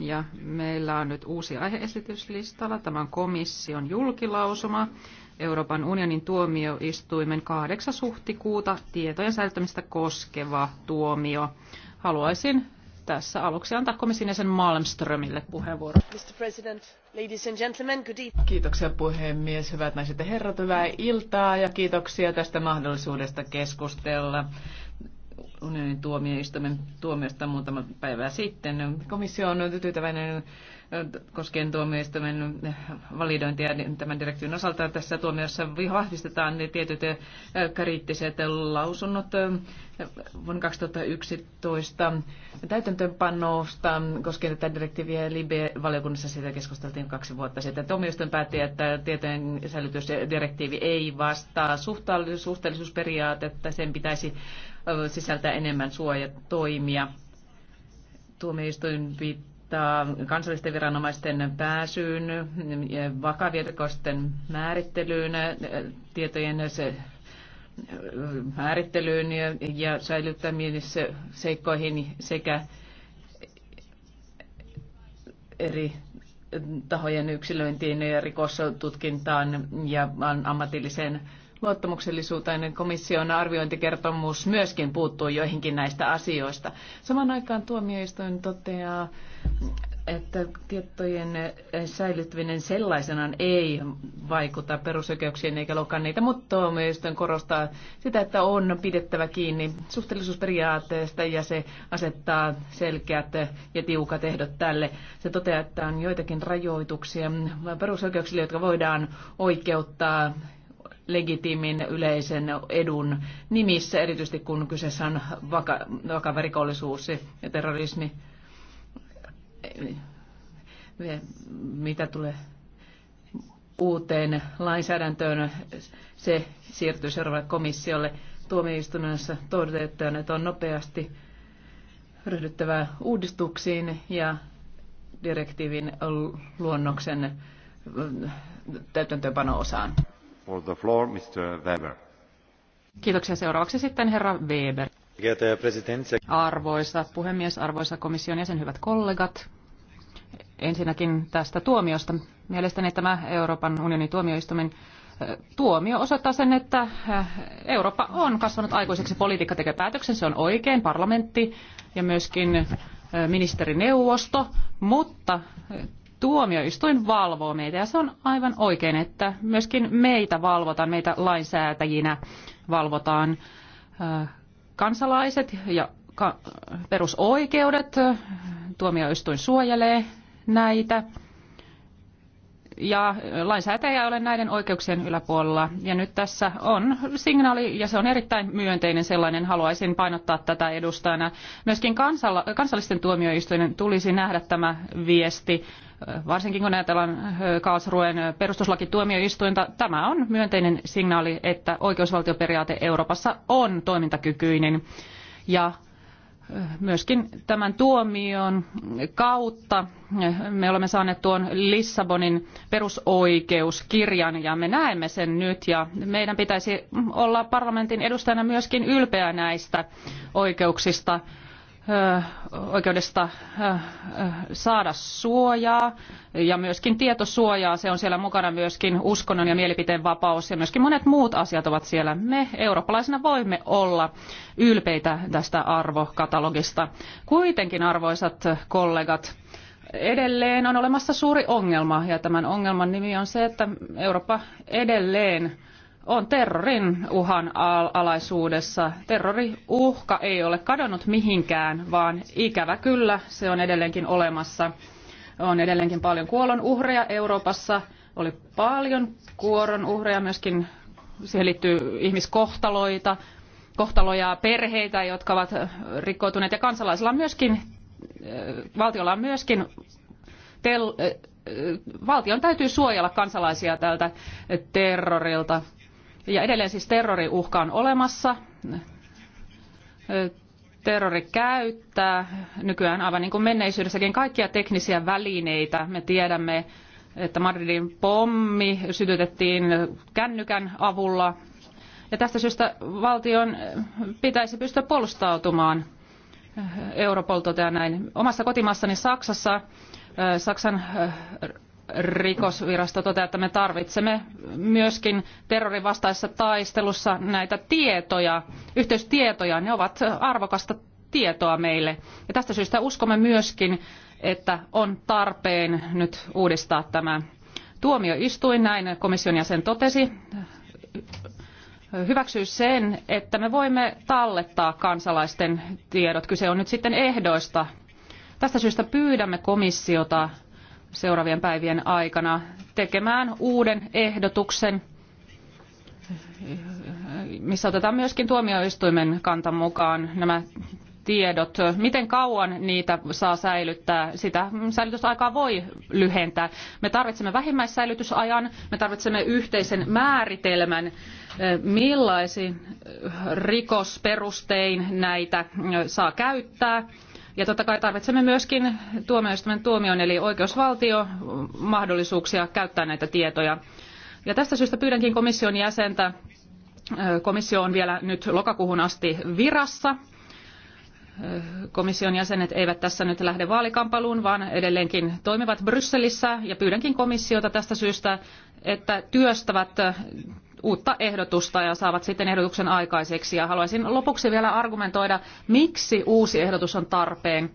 Ja meillä on nyt uusi aiheesityslistalla. Tämä on komission julkilausuma Euroopan unionin tuomioistuimen 8. huhtikuuta tietojen säilyttämistä koskeva tuomio. Haluaisin tässä aluksi antaa komission jäsen Malmströmille puheenvuoron. Mr. President, ladies and gentlemen, good evening. Kiitoksia puhemies, hyvät naiset ja herrat, hyvää iltaa ja kiitoksia tästä mahdollisuudesta keskustella unionin tuomioistuimen tuomiosta muutama päivä sitten. Komissio on tyytyväinen koskien tuomioistuimen validointia niin tämän direktiivin osalta. Tässä tuomiossa vahvistetaan ne tietyt kriittiset lausunnot vuonna 2011 täytäntöönpanosta koskien tätä direktiiviä Libe-valiokunnassa siitä keskusteltiin kaksi vuotta sitten. Tuomioistuin päätti, että tietojen säilytysdirektiivi ei vastaa suhteellisuusperiaatetta. Sen pitäisi sisältää enemmän suojatoimia. Tuomioistuin viittaa kansallisten viranomaisten pääsyyn, vakavien rikosten määrittelyyn, tietojen määrittelyyn ja säilyttämisseikkoihin sekä eri tahojen yksilöintiin ja rikostutkintaan ja ammatilliseen luottamuksellisuuteen komission arviointikertomus myöskin puuttuu joihinkin näistä asioista. Samaan aikaan tuomioistuin toteaa, että tietojen säilyttäminen sellaisenaan ei vaikuta perusoikeuksiin eikä loukkaa niitä, mutta tuomioistuin korostaa sitä, että on pidettävä kiinni suhteellisuusperiaatteesta ja se asettaa selkeät ja tiukat ehdot tälle. Se toteaa, että on joitakin rajoituksia perusoikeuksille, jotka voidaan oikeuttaa legitiimin yleisen edun nimissä, erityisesti kun kyseessä on vaka, vakava rikollisuus ja terrorismi. Mitä tulee uuteen lainsäädäntöön, se siirtyy seuraavalle komissiolle. Tuomioistunnassa todetaan, että on nopeasti ryhdyttävä uudistuksiin ja direktiivin luonnoksen täytäntöönpano-osaan. Kiitoksia. Seuraavaksi sitten herra Weber. Arvoisa puhemies, arvoisa komission jäsen, hyvät kollegat. Ensinnäkin tästä tuomiosta. Mielestäni tämä Euroopan unionin tuomioistuimen tuomio osoittaa sen, että Eurooppa on kasvanut aikuiseksi. Politiikka tekee päätöksen, se on oikein, parlamentti ja myöskin ministerineuvosto, mutta tuomioistuin valvoo meitä ja se on aivan oikein, että myöskin meitä valvotaan, meitä lainsäätäjinä valvotaan. Äh, kansalaiset ja perusoikeudet, äh, tuomioistuin suojelee näitä ja äh, lainsäätäjä ei ole näiden oikeuksien yläpuolella. Ja nyt tässä on signaali, ja se on erittäin myönteinen sellainen, haluaisin painottaa tätä edustajana. Myöskin kansallisten tuomioistuinen tulisi nähdä tämä viesti varsinkin kun ajatellaan Karlsruen perustuslakituomioistuinta, tämä on myönteinen signaali, että oikeusvaltioperiaate Euroopassa on toimintakykyinen. Ja myöskin tämän tuomion kautta me olemme saaneet tuon Lissabonin perusoikeuskirjan ja me näemme sen nyt ja meidän pitäisi olla parlamentin edustajana myöskin ylpeä näistä oikeuksista oikeudesta saada suojaa ja myöskin tietosuojaa. Se on siellä mukana myöskin uskonnon ja mielipiteen vapaus ja myöskin monet muut asiat ovat siellä. Me eurooppalaisina voimme olla ylpeitä tästä arvokatalogista. Kuitenkin arvoisat kollegat, edelleen on olemassa suuri ongelma ja tämän ongelman nimi on se, että Eurooppa edelleen on terrorin uhan alaisuudessa. Terroriuhka ei ole kadonnut mihinkään, vaan ikävä kyllä se on edelleenkin olemassa. On edelleenkin paljon kuolonuhreja Euroopassa, oli paljon uhreja myöskin siihen liittyy ihmiskohtaloita, kohtaloja perheitä, jotka ovat rikkoutuneet ja kansalaisilla on myöskin, eh, valtiolla on myöskin tel, eh, eh, valtion täytyy suojella kansalaisia tältä terrorilta. Ja edelleen siis terroriuhka on olemassa. Terrori käyttää nykyään aivan niin kuin menneisyydessäkin kaikkia teknisiä välineitä. Me tiedämme, että Madridin pommi sytytettiin kännykän avulla. Ja tästä syystä valtion pitäisi pystyä puolustautumaan. Europol toteaa näin. Omassa kotimaassani Saksassa eh, Saksan eh, rikosvirasto toteaa, että me tarvitsemme myöskin terrorin vastaisessa taistelussa näitä tietoja, yhteystietoja. Ne ovat arvokasta tietoa meille. Ja tästä syystä uskomme myöskin, että on tarpeen nyt uudistaa tämä tuomioistuin, näin komission jäsen totesi, hyväksyy sen, että me voimme tallettaa kansalaisten tiedot. Kyse on nyt sitten ehdoista. Tästä syystä pyydämme komissiota seuraavien päivien aikana tekemään uuden ehdotuksen, missä otetaan myöskin tuomioistuimen kanta mukaan nämä tiedot, miten kauan niitä saa säilyttää, sitä säilytysaikaa voi lyhentää. Me tarvitsemme vähimmäissäilytysajan, me tarvitsemme yhteisen määritelmän, millaisin rikosperustein näitä saa käyttää ja totta kai tarvitsemme myöskin tuomioistuimen tuomion eli oikeusvaltio mahdollisuuksia käyttää näitä tietoja. Ja tästä syystä pyydänkin komission jäsentä. Komissio on vielä nyt lokakuuhun asti virassa. Komission jäsenet eivät tässä nyt lähde vaalikampailuun, vaan edelleenkin toimivat Brysselissä. Ja pyydänkin komissiota tästä syystä, että työstävät uutta ehdotusta ja saavat sitten ehdotuksen aikaiseksi. Ja haluaisin lopuksi vielä argumentoida, miksi uusi ehdotus on tarpeen.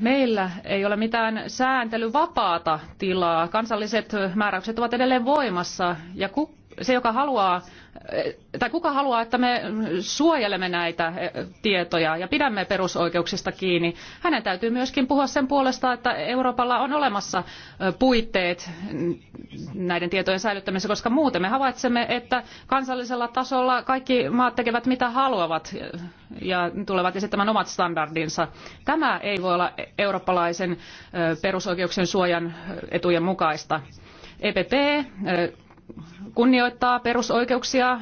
Meillä ei ole mitään sääntelyvapaata tilaa. Kansalliset määräykset ovat edelleen voimassa ja se, joka haluaa tai kuka haluaa, että me suojelemme näitä tietoja ja pidämme perusoikeuksista kiinni. Hänen täytyy myöskin puhua sen puolesta, että Euroopalla on olemassa puitteet näiden tietojen säilyttämisessä, koska muuten me havaitsemme, että kansallisella tasolla kaikki maat tekevät mitä haluavat ja tulevat esittämään omat standardinsa. Tämä ei voi olla eurooppalaisen perusoikeuksien suojan etujen mukaista. EPP kunnioittaa perusoikeuksia.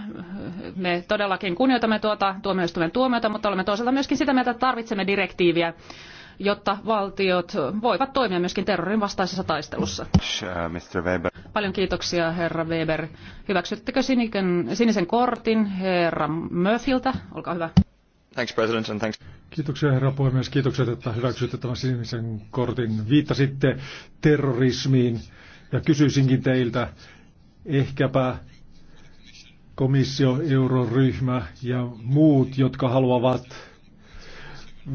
Me todellakin kunnioitamme tuota tuomioistuimen tuomiota, mutta olemme toisaalta myöskin sitä mieltä, että tarvitsemme direktiiviä, jotta valtiot voivat toimia myöskin terrorin vastaisessa taistelussa. Paljon kiitoksia, herra Weber. Hyväksyttekö sinisen kortin herra Murphyltä? Olkaa hyvä. Thanks, President, and thanks. Kiitoksia herra puhemies, kiitokset, että hyväksytte tämän sinisen kortin. Viittasitte terrorismiin ja kysyisinkin teiltä, ehkäpä komissio, euroryhmä ja muut, jotka haluavat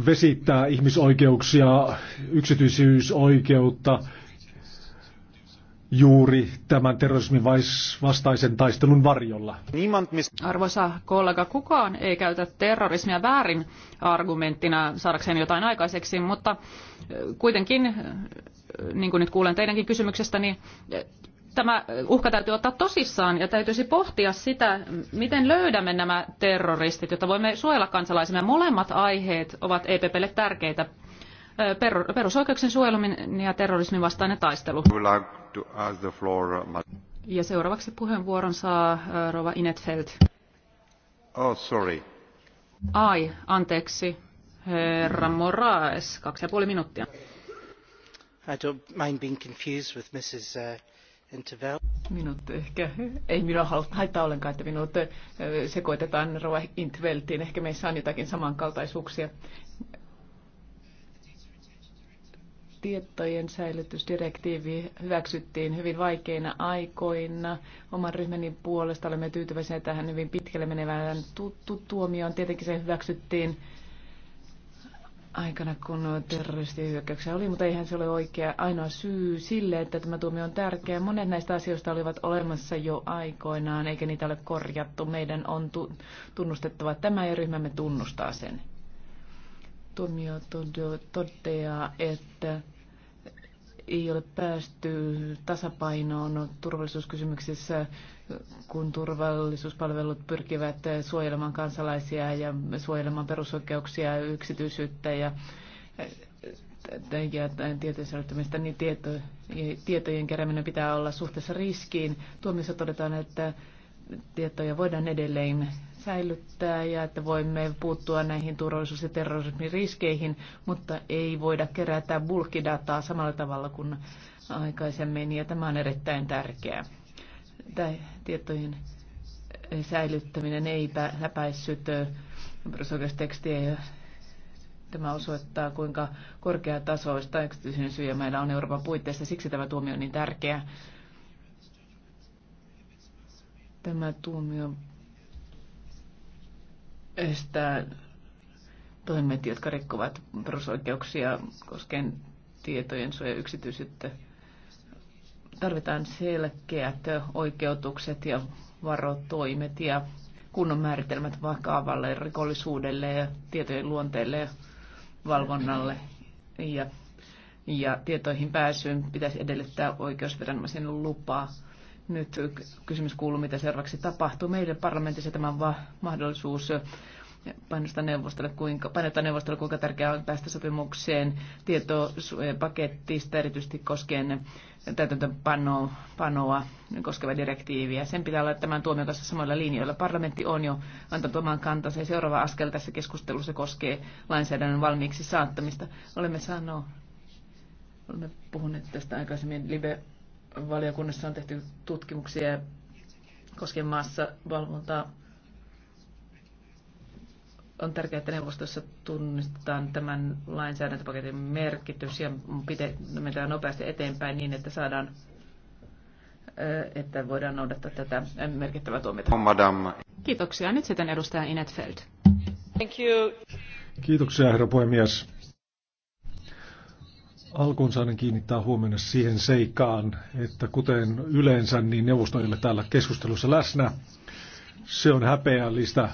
vesittää ihmisoikeuksia, yksityisyysoikeutta juuri tämän terrorismin vastaisen taistelun varjolla. Arvoisa kollega, kukaan ei käytä terrorismia väärin argumenttina saadakseen jotain aikaiseksi, mutta kuitenkin, niin kuin nyt kuulen teidänkin kysymyksestä, niin tämä uhka täytyy ottaa tosissaan ja täytyisi pohtia sitä, miten löydämme nämä terroristit, jotta voimme suojella kansalaisemme. Molemmat aiheet ovat EPPlle tärkeitä. Perusoikeuksien suojeluminen ja terrorismin vastainen taistelu. Ja seuraavaksi puheenvuoron saa Rova Inetfeld. Oh, sorry. Ai, anteeksi. Herra Moraes, kaksi ja puoli minuuttia. I don't mind being confused with Mrs. Minut ehkä, ei minua haittaa ollenkaan, että minut sekoitetaan Roa Intveltiin. Ehkä meissä on jotakin samankaltaisuuksia. Tietojen säilytysdirektiivi hyväksyttiin hyvin vaikeina aikoina. Oman ryhmäni puolesta olemme tyytyväisiä tähän hyvin pitkälle menevään tuttu tuomioon. Tietenkin se hyväksyttiin aikana, kun terroristihyökkäyksiä oli, mutta eihän se ole oikea ainoa syy sille, että tämä tuomio on tärkeä. Monet näistä asioista olivat olemassa jo aikoinaan, eikä niitä ole korjattu. Meidän on tu- tunnustettava tämä ja ryhmämme tunnustaa sen. Tuomio toteaa, että ei ole päästy tasapainoon turvallisuuskysymyksissä kun turvallisuuspalvelut pyrkivät suojelemaan kansalaisia ja suojelemaan perusoikeuksia, yksityisyyttä ja ja niin tieto, tietojen kerääminen pitää olla suhteessa riskiin. Tuomissa todetaan, että tietoja voidaan edelleen säilyttää ja että voimme puuttua näihin turvallisuus- ja terrorismin riskeihin, mutta ei voida kerätä bulkidataa samalla tavalla kuin aikaisemmin, ja tämä on erittäin tärkeää tietojen säilyttäminen ei läpäissyt perusoikeustekstiä. Tämä osoittaa, kuinka korkeatasoista yksityisen syyä meillä on Euroopan puitteissa. Siksi tämä tuomio on niin tärkeä. Tämä tuomio estää toimet, jotka rikkovat perusoikeuksia koskien tietojen suoja yksityisyyttä tarvitaan selkeät oikeutukset ja varotoimet ja kunnon määritelmät vakavalle rikollisuudelle ja tietojen luonteelle ja valvonnalle ja, ja tietoihin pääsyyn pitäisi edellyttää oikeusviranomaisen lupaa. Nyt kysymys kuuluu, mitä seuraavaksi tapahtuu. Meidän parlamentissa tämä mahdollisuus painosta neuvostolle, kuinka, painottaa neuvostolle, kuinka tärkeää on päästä sopimukseen tietopakettista, erityisesti koskien täytäntöpanoa koskeva direktiiviä. Sen pitää olla tämän tuomion kanssa samoilla linjoilla. Parlamentti on jo antanut oman kantansa ja seuraava askel tässä keskustelussa koskee lainsäädännön valmiiksi saattamista. Olemme sanoa, olemme puhuneet tästä aikaisemmin. Live-valiokunnassa on tehty tutkimuksia koskien maassa valvontaa on tärkeää, että neuvostossa tunnistetaan tämän lainsäädäntöpaketin merkitys ja mennään nopeasti eteenpäin niin, että saadaan että voidaan noudattaa tätä merkittävää tuomiota. Kiitoksia. Nyt sitten edustaja Inetfeld. Thank you. Kiitoksia, herra puhemies. Alkuun saan kiinnittää huomenna siihen seikkaan, että kuten yleensä, niin neuvostoille täällä keskustelussa läsnä. Se on häpeällistä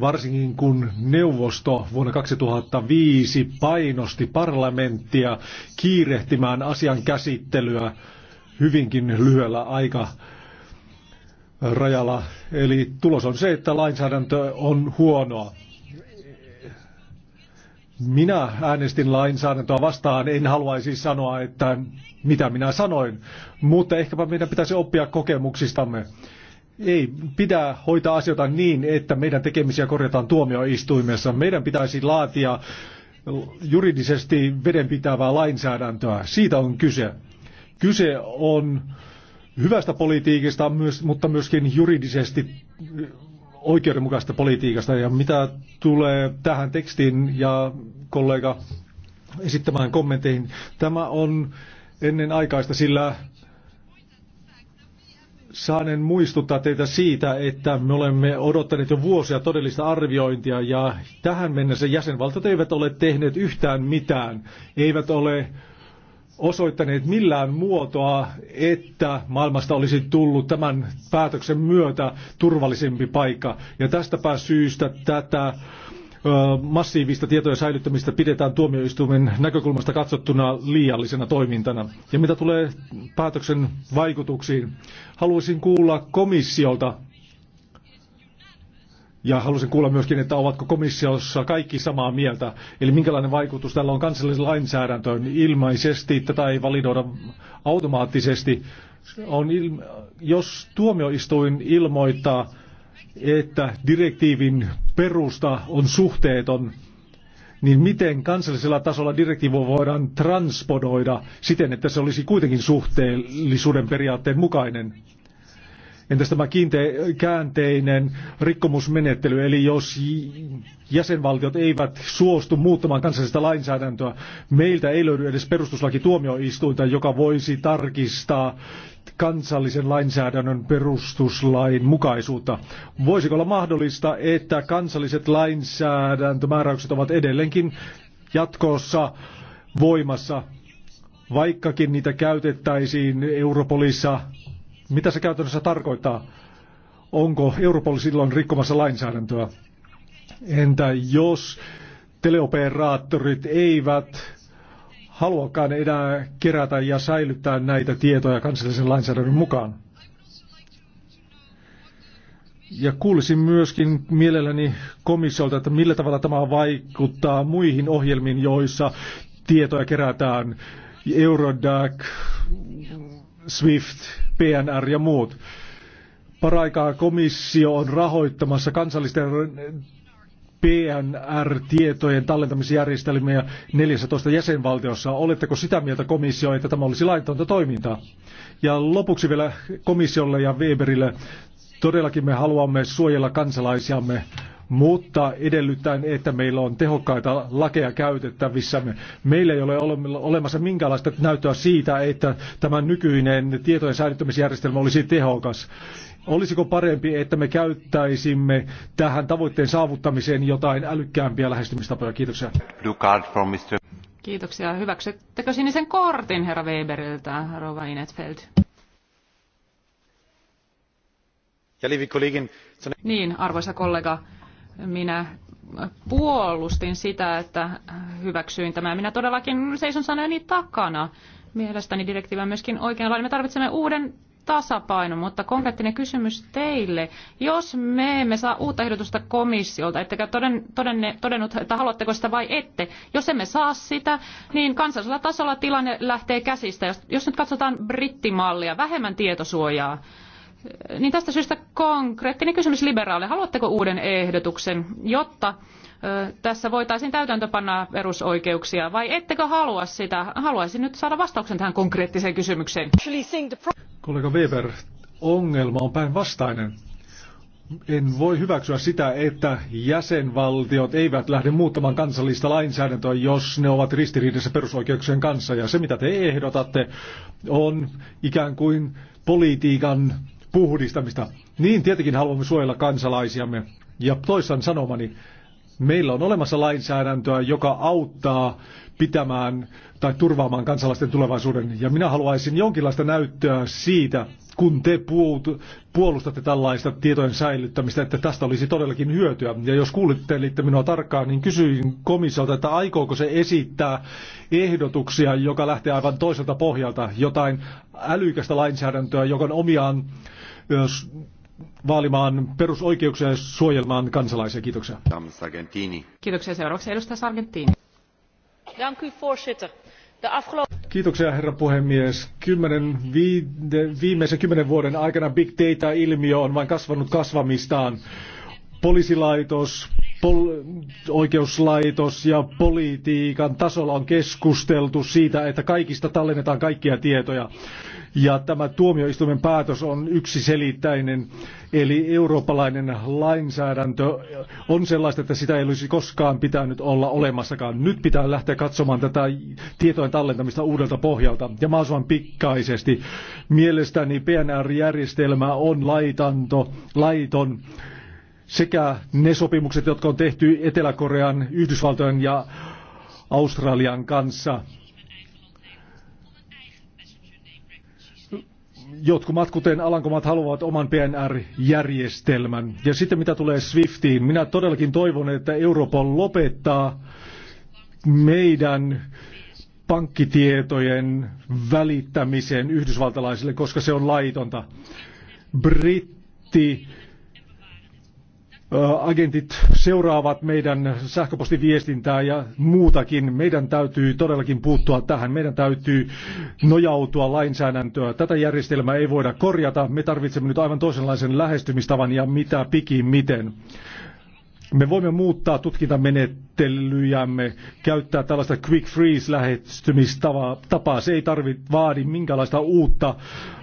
varsinkin kun neuvosto vuonna 2005 painosti parlamenttia kiirehtimään asian käsittelyä hyvinkin lyhyellä aika rajalla. Eli tulos on se, että lainsäädäntö on huonoa. Minä äänestin lainsäädäntöä vastaan, en haluaisi sanoa, että mitä minä sanoin, mutta ehkäpä meidän pitäisi oppia kokemuksistamme ei pidä hoitaa asioita niin, että meidän tekemisiä korjataan tuomioistuimessa. Meidän pitäisi laatia juridisesti vedenpitävää lainsäädäntöä. Siitä on kyse. Kyse on hyvästä politiikasta, mutta myöskin juridisesti oikeudenmukaista politiikasta. Ja mitä tulee tähän tekstiin ja kollega esittämään kommentteihin, tämä on ennen aikaista, sillä saanen muistuttaa teitä siitä, että me olemme odottaneet jo vuosia todellista arviointia ja tähän mennessä jäsenvaltiot eivät ole tehneet yhtään mitään, eivät ole osoittaneet millään muotoa, että maailmasta olisi tullut tämän päätöksen myötä turvallisempi paikka. Ja tästäpä syystä tätä massiivista tietojen säilyttämistä pidetään tuomioistuimen näkökulmasta katsottuna liiallisena toimintana. Ja mitä tulee päätöksen vaikutuksiin, haluaisin kuulla komissiolta, ja halusin kuulla myöskin, että ovatko komissiossa kaikki samaa mieltä, eli minkälainen vaikutus tällä on kansalliseen lainsäädäntöön. Ilmaisesti tätä ei validoida automaattisesti. On ilma- jos tuomioistuin ilmoittaa, että direktiivin perusta on suhteeton, niin miten kansallisella tasolla direktiivo voidaan transponoida siten, että se olisi kuitenkin suhteellisuuden periaatteen mukainen? Entäs tämä kiinte- käänteinen rikkomusmenettely, eli jos jäsenvaltiot eivät suostu muuttamaan kansallista lainsäädäntöä, meiltä ei löydy edes perustuslaki tuomioistuinta, joka voisi tarkistaa kansallisen lainsäädännön perustuslain mukaisuutta. Voisiko olla mahdollista, että kansalliset lainsäädäntömääräykset ovat edelleenkin jatkossa voimassa, vaikkakin niitä käytettäisiin Europolissa? Mitä se käytännössä tarkoittaa? Onko Europol silloin rikkomassa lainsäädäntöä? Entä jos teleoperaattorit eivät haluakaan enää kerätä ja säilyttää näitä tietoja kansallisen lainsäädännön mukaan. Ja kuulisin myöskin mielelläni komissiolta, että millä tavalla tämä vaikuttaa muihin ohjelmiin, joissa tietoja kerätään, Eurodac, SWIFT, PNR ja muut. Paraikaa komissio on rahoittamassa kansallisten PNR-tietojen tallentamisjärjestelmiä 14 jäsenvaltiossa. Oletteko sitä mieltä komissio, että tämä olisi laitonta toimintaa? Ja lopuksi vielä komissiolle ja Weberille. Todellakin me haluamme suojella kansalaisiamme, mutta edellyttäen, että meillä on tehokkaita lakeja käytettävissämme. Meillä ei ole olemassa minkäänlaista näyttöä siitä, että tämä nykyinen tietojen säilyttämisjärjestelmä olisi tehokas. Olisiko parempi, että me käyttäisimme tähän tavoitteen saavuttamiseen jotain älykkäämpiä lähestymistapoja? Kiitoksia. Kiitoksia. Hyväksyttekö sinisen kortin herra Weberiltä, rouva Inetfeld? Niin, arvoisa kollega, minä puolustin sitä, että hyväksyin tämän. Minä todellakin seison niin takana. Mielestäni direktiivi on myöskin oikeanlainen. Me tarvitsemme uuden tasapaino, mutta konkreettinen kysymys teille. Jos me emme saa uutta ehdotusta komissiolta, ettekä toden, todenne, todennut, että haluatteko sitä vai ette, jos emme saa sitä, niin kansallisella tasolla tilanne lähtee käsistä. Jos, jos nyt katsotaan brittimallia, vähemmän tietosuojaa, niin tästä syystä konkreettinen kysymys liberaaleille. Haluatteko uuden ehdotuksen, jotta tässä voitaisiin täytäntöpanna perusoikeuksia, vai ettekö halua sitä? Haluaisin nyt saada vastauksen tähän konkreettiseen kysymykseen. Kollega Weber, ongelma on päinvastainen. En voi hyväksyä sitä, että jäsenvaltiot eivät lähde muuttamaan kansallista lainsäädäntöä, jos ne ovat ristiriidassa perusoikeuksien kanssa. Ja se, mitä te ehdotatte, on ikään kuin politiikan puhdistamista. Niin tietenkin haluamme suojella kansalaisiamme. Ja toistan sanomani, Meillä on olemassa lainsäädäntöä, joka auttaa pitämään tai turvaamaan kansalaisten tulevaisuuden. Ja minä haluaisin jonkinlaista näyttöä siitä, kun te puolustatte tällaista tietojen säilyttämistä, että tästä olisi todellakin hyötyä. Ja jos kuulittelitte minua tarkkaan, niin kysyin komissiolta, että aikooko se esittää ehdotuksia, joka lähtee aivan toiselta pohjalta, jotain älykästä lainsäädäntöä, joka on omiaan vaalimaan perusoikeuksia ja suojelmaan kansalaisia. Kiitoksia. Kiitoksia. Seuraavaksi edustaja Sargentini. Kiitoksia herra puhemies. Kymmenen viimeisen kymmenen vuoden aikana Big Data-ilmiö on vain kasvanut kasvamistaan. Poliisilaitos, pol oikeuslaitos ja politiikan tasolla on keskusteltu siitä, että kaikista tallennetaan kaikkia tietoja. Ja tämä tuomioistuimen päätös on yksiselittäinen, eli eurooppalainen lainsäädäntö on sellaista, että sitä ei olisi koskaan pitänyt olla olemassakaan. Nyt pitää lähteä katsomaan tätä tietojen tallentamista uudelta pohjalta ja mahdollisimman pikkaisesti. Mielestäni PNR-järjestelmä on laitanto, laiton sekä ne sopimukset, jotka on tehty Etelä-Korean, Yhdysvaltojen ja Australian kanssa – jotkut maat, kuten Alankomat, haluavat oman PNR-järjestelmän. Ja sitten mitä tulee Swiftiin, minä todellakin toivon, että Europol lopettaa meidän pankkitietojen välittämisen yhdysvaltalaisille, koska se on laitonta. Britti agentit seuraavat meidän sähköpostiviestintää ja muutakin. Meidän täytyy todellakin puuttua tähän. Meidän täytyy nojautua lainsäädäntöä. Tätä järjestelmää ei voida korjata. Me tarvitsemme nyt aivan toisenlaisen lähestymistavan ja mitä pikin miten. Me voimme muuttaa tutkintamenettelyjämme, käyttää tällaista quick freeze lähestymistapaa. Se ei tarvi, vaadi minkälaista uutta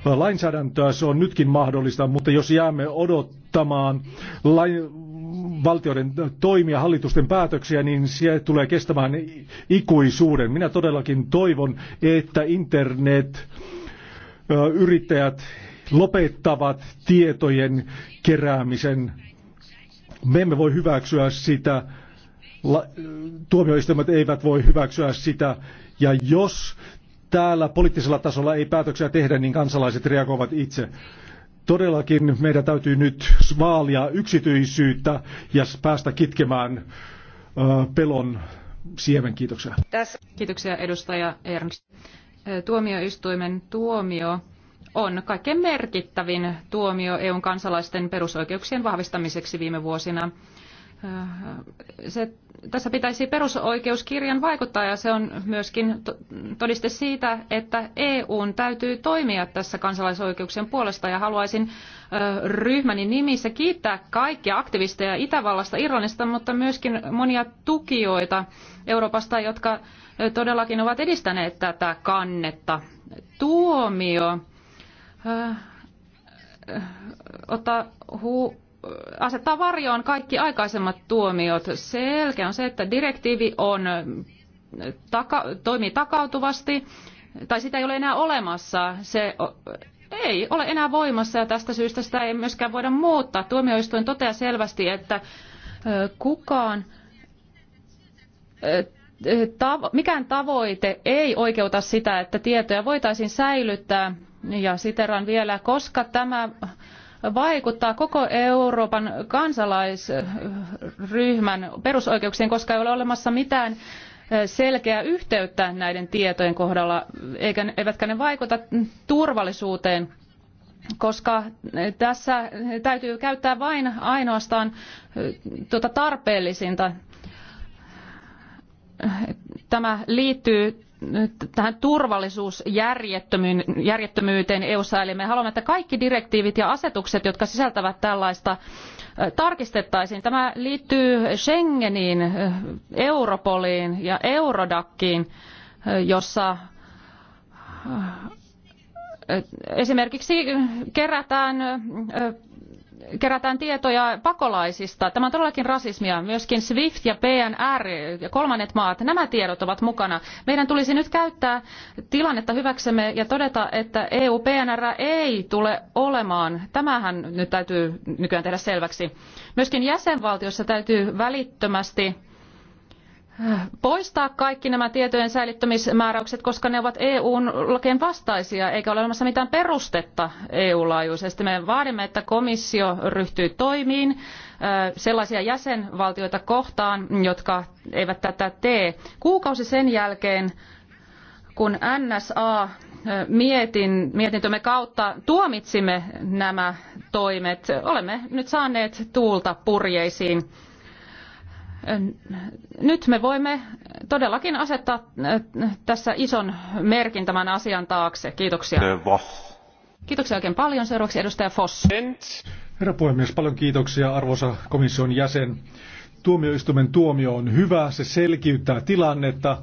lainsäädäntöä, se on nytkin mahdollista, mutta jos jäämme odottamaan lain, valtioiden toimia, hallitusten päätöksiä, niin se tulee kestämään ikuisuuden. Minä todellakin toivon, että internet yrittäjät lopettavat tietojen keräämisen. Me emme voi hyväksyä sitä, tuomioistuimet eivät voi hyväksyä sitä, ja jos täällä poliittisella tasolla ei päätöksiä tehdä, niin kansalaiset reagoivat itse. Todellakin meidän täytyy nyt vaalia yksityisyyttä ja päästä kitkemään pelon siemen. Kiitoksia. Tässä. Kiitoksia edustaja Ernst. Tuomioistuimen tuomio on kaikkein merkittävin tuomio EUn kansalaisten perusoikeuksien vahvistamiseksi viime vuosina. Äh, se, tässä pitäisi perusoikeuskirjan vaikuttaa ja se on myöskin todiste siitä, että EUn täytyy toimia tässä kansalaisoikeuksien puolesta ja haluaisin äh, ryhmäni nimissä kiittää kaikkia aktivisteja Itävallasta, Irlannista, mutta myöskin monia tukijoita Euroopasta, jotka äh, todellakin ovat edistäneet tätä kannetta. Tuomio ottaa hu- asettaa varjoon kaikki aikaisemmat tuomiot. Selkeä on se, että direktiivi on, taka, toimii takautuvasti, tai sitä ei ole enää olemassa. Se ei ole enää voimassa ja tästä syystä sitä ei myöskään voida muuttaa. Tuomioistuin toteaa selvästi, että kukaan mikään tavoite ei oikeuta sitä, että tietoja voitaisiin säilyttää. Ja siteran vielä, koska tämä vaikuttaa koko Euroopan kansalaisryhmän perusoikeuksiin, koska ei ole olemassa mitään eh, selkeää yhteyttä näiden tietojen kohdalla, eikä, eivätkä ne vaikuta turvallisuuteen koska eh, tässä täytyy käyttää vain ainoastaan eh, tuota tarpeellisinta. Tämä liittyy tähän turvallisuusjärjettömyyteen EU:ssa, eli me haluamme, että kaikki direktiivit ja asetukset, jotka sisältävät tällaista, tarkistettaisiin. Tämä liittyy Schengeniin, Europoliin ja Eurodakkiin, jossa esimerkiksi kerätään kerätään tietoja pakolaisista. Tämä on todellakin rasismia. Myöskin SWIFT ja PNR ja kolmannet maat, nämä tiedot ovat mukana. Meidän tulisi nyt käyttää tilannetta hyväksemme ja todeta, että EU-PNR ei tule olemaan. Tämähän nyt täytyy nykyään tehdä selväksi. Myöskin jäsenvaltiossa täytyy välittömästi poistaa kaikki nämä tietojen säilyttämismääräykset, koska ne ovat EUn lakien vastaisia, eikä ole olemassa mitään perustetta EU-laajuisesti. Me vaadimme, että komissio ryhtyy toimiin äh, sellaisia jäsenvaltioita kohtaan, jotka eivät tätä tee. Kuukausi sen jälkeen, kun NSA äh, mietin, mietintömme kautta tuomitsimme nämä toimet, olemme nyt saaneet tuulta purjeisiin nyt me voimme todellakin asettaa tässä ison merkin tämän asian taakse. Kiitoksia. Kiitoksia oikein paljon. Seuraavaksi edustaja Foss. Herra puhemies, paljon kiitoksia arvoisa komission jäsen. Tuomioistuimen tuomio on hyvä, se selkiyttää tilannetta.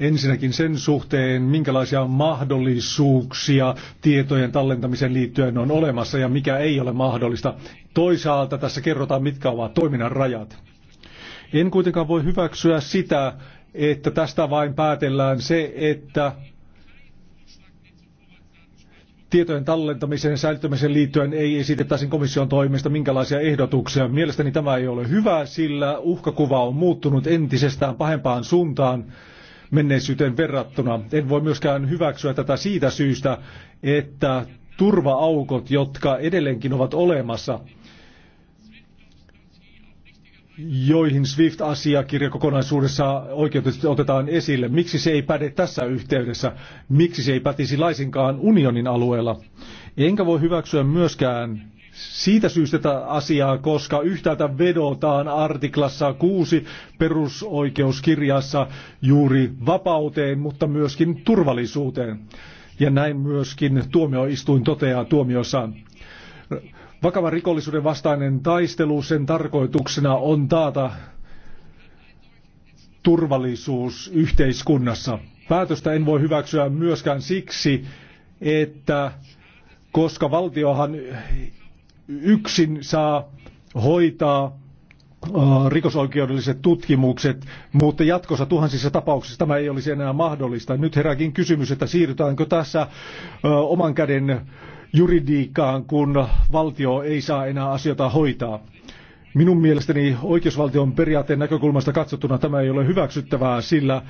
Ensinnäkin sen suhteen, minkälaisia mahdollisuuksia tietojen tallentamiseen liittyen on olemassa ja mikä ei ole mahdollista. Toisaalta tässä kerrotaan, mitkä ovat toiminnan rajat. En kuitenkaan voi hyväksyä sitä, että tästä vain päätellään se, että tietojen tallentamiseen ja säilyttämiseen liittyen ei esitettäisiin komission toimesta minkälaisia ehdotuksia. Mielestäni tämä ei ole hyvä, sillä uhkakuva on muuttunut entisestään pahempaan suuntaan menneisyyteen verrattuna. En voi myöskään hyväksyä tätä siitä syystä, että turvaaukot, jotka edelleenkin ovat olemassa, joihin SWIFT-asiakirja kokonaisuudessa oikeutetusti otetaan esille. Miksi se ei päde tässä yhteydessä? Miksi se ei pätisi laisinkaan unionin alueella? Enkä voi hyväksyä myöskään siitä syystä tätä asiaa, koska yhtäältä vedotaan artiklassa 6 perusoikeuskirjassa juuri vapauteen, mutta myöskin turvallisuuteen. Ja näin myöskin tuomioistuin toteaa tuomiossaan. Vakavan rikollisuuden vastainen taistelu, sen tarkoituksena on taata turvallisuus yhteiskunnassa. Päätöstä en voi hyväksyä myöskään siksi, että koska valtiohan yksin saa hoitaa rikosoikeudelliset tutkimukset, mutta jatkossa tuhansissa tapauksissa tämä ei olisi enää mahdollista. Nyt herääkin kysymys, että siirrytäänkö tässä oman käden juridiikkaan, kun valtio ei saa enää asioita hoitaa. Minun mielestäni oikeusvaltion periaatteen näkökulmasta katsottuna tämä ei ole hyväksyttävää, sillä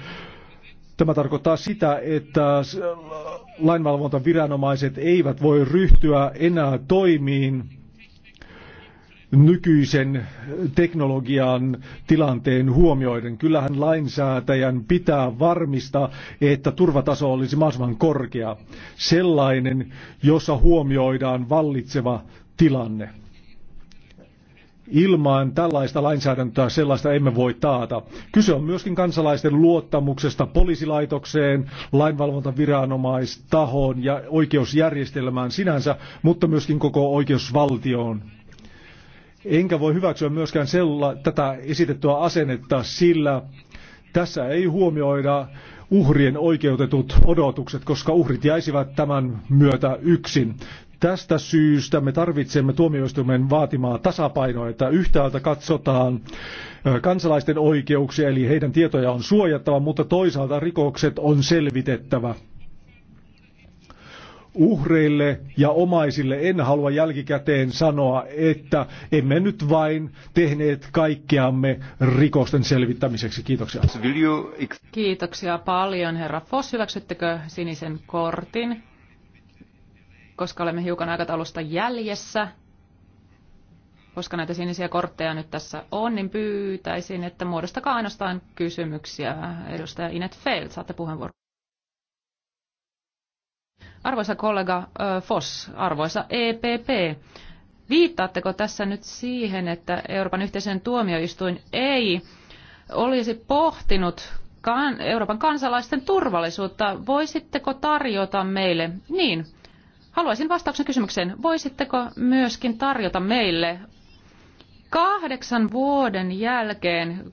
tämä tarkoittaa sitä, että lainvalvontaviranomaiset eivät voi ryhtyä enää toimiin, nykyisen teknologian tilanteen huomioiden. Kyllähän lainsäätäjän pitää varmistaa, että turvataso olisi mahdollisimman korkea. Sellainen, jossa huomioidaan vallitseva tilanne. Ilman tällaista lainsäädäntöä sellaista emme voi taata. Kyse on myöskin kansalaisten luottamuksesta poliisilaitokseen, lainvalvontaviranomaistahoon ja oikeusjärjestelmään sinänsä, mutta myöskin koko oikeusvaltioon. Enkä voi hyväksyä myöskään sella, tätä esitettyä asennetta, sillä tässä ei huomioida uhrien oikeutetut odotukset, koska uhrit jäisivät tämän myötä yksin. Tästä syystä me tarvitsemme tuomioistuimen vaatimaa tasapainoa, että yhtäältä katsotaan kansalaisten oikeuksia, eli heidän tietoja on suojattava, mutta toisaalta rikokset on selvitettävä uhreille ja omaisille en halua jälkikäteen sanoa, että emme nyt vain tehneet kaikkeamme rikosten selvittämiseksi. Kiitoksia. Kiitoksia paljon, herra Foss. Hyväksyttekö sinisen kortin? Koska olemme hiukan aikataulusta jäljessä, koska näitä sinisiä kortteja nyt tässä on, niin pyytäisin, että muodostakaa ainoastaan kysymyksiä. Edustaja Inet Feld, saatte puheenvuoron. Arvoisa kollega Foss, arvoisa EPP, viittaatteko tässä nyt siihen, että Euroopan yhteisen tuomioistuin ei olisi pohtinut Euroopan kansalaisten turvallisuutta? Voisitteko tarjota meille? Niin, haluaisin vastauksen kysymykseen. Voisitteko myöskin tarjota meille kahdeksan vuoden jälkeen,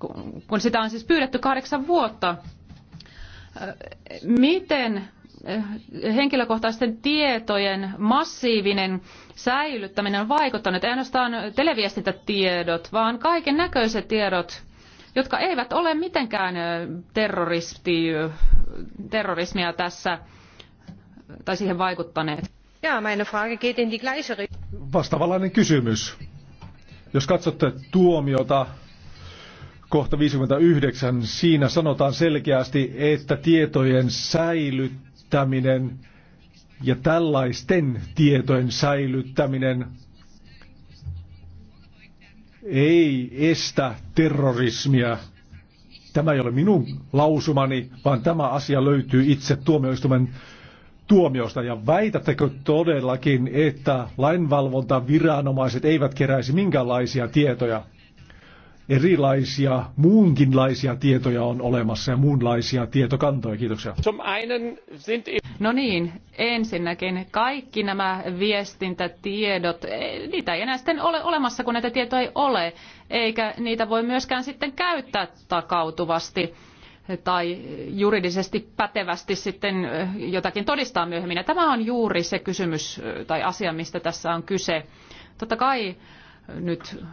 kun sitä on siis pyydetty kahdeksan vuotta, miten Eh, henkilökohtaisten tietojen massiivinen säilyttäminen on vaikuttanut ei ainoastaan televiestintätiedot, vaan kaiken näköiset tiedot, jotka eivät ole mitenkään eh, terroristi, eh, terrorismia tässä tai siihen vaikuttaneet. Ja, meine Frage geht in die gleiche kysymys. Jos katsotte tuomiota kohta 59, siinä sanotaan selkeästi, että tietojen säilyttäminen säilyttäminen ja tällaisten tietojen säilyttäminen ei estä terrorismia. Tämä ei ole minun lausumani, vaan tämä asia löytyy itse tuomioistuimen tuomiosta. Ja väitättekö todellakin, että lainvalvontaviranomaiset eivät keräisi minkäänlaisia tietoja? erilaisia, muunkinlaisia tietoja on olemassa ja muunlaisia tietokantoja. Kiitoksia. No niin, ensinnäkin kaikki nämä viestintätiedot, e, niitä ei enää sitten ole olemassa, kun näitä tietoja ei ole, eikä niitä voi myöskään sitten käyttää takautuvasti tai juridisesti pätevästi sitten e, jotakin todistaa myöhemmin. Ja tämä on juuri se kysymys e, tai asia, mistä tässä on kyse. Totta kai nyt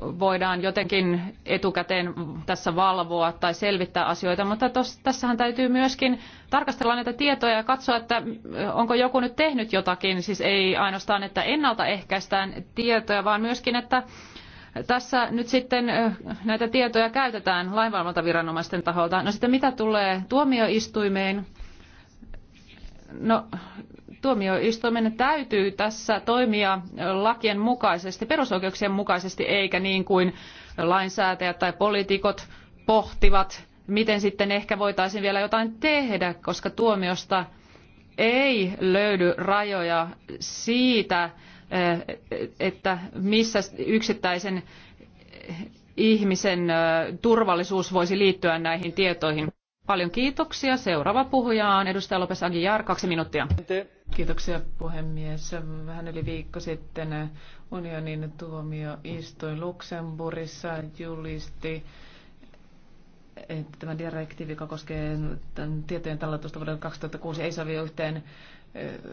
voidaan jotenkin etukäteen tässä valvoa tai selvittää asioita, mutta tässähän täytyy myöskin tarkastella näitä tietoja ja katsoa, että onko joku nyt tehnyt jotakin, siis ei ainoastaan, että ennaltaehkäistään tietoja, vaan myöskin, että tässä nyt sitten näitä tietoja käytetään lainvalvontaviranomaisten taholta. No sitten mitä tulee tuomioistuimeen? No Tuomioistuimen täytyy tässä toimia lakien mukaisesti, perusoikeuksien mukaisesti, eikä niin kuin lainsäätäjät tai poliitikot pohtivat, miten sitten ehkä voitaisiin vielä jotain tehdä, koska tuomiosta ei löydy rajoja siitä, eh, että missä yksittäisen ihmisen eh, turvallisuus voisi liittyä näihin tietoihin. Paljon kiitoksia. Seuraava puhuja on edustaja Lopes kaksi minuuttia. Kiitoksia puhemies. Vähän yli viikko sitten unionin tuomioistuin Luxemburgissa julisti, että tämä direktiivi, joka koskee tietojen talletusta vuodelta 2006, ei sovi yhteen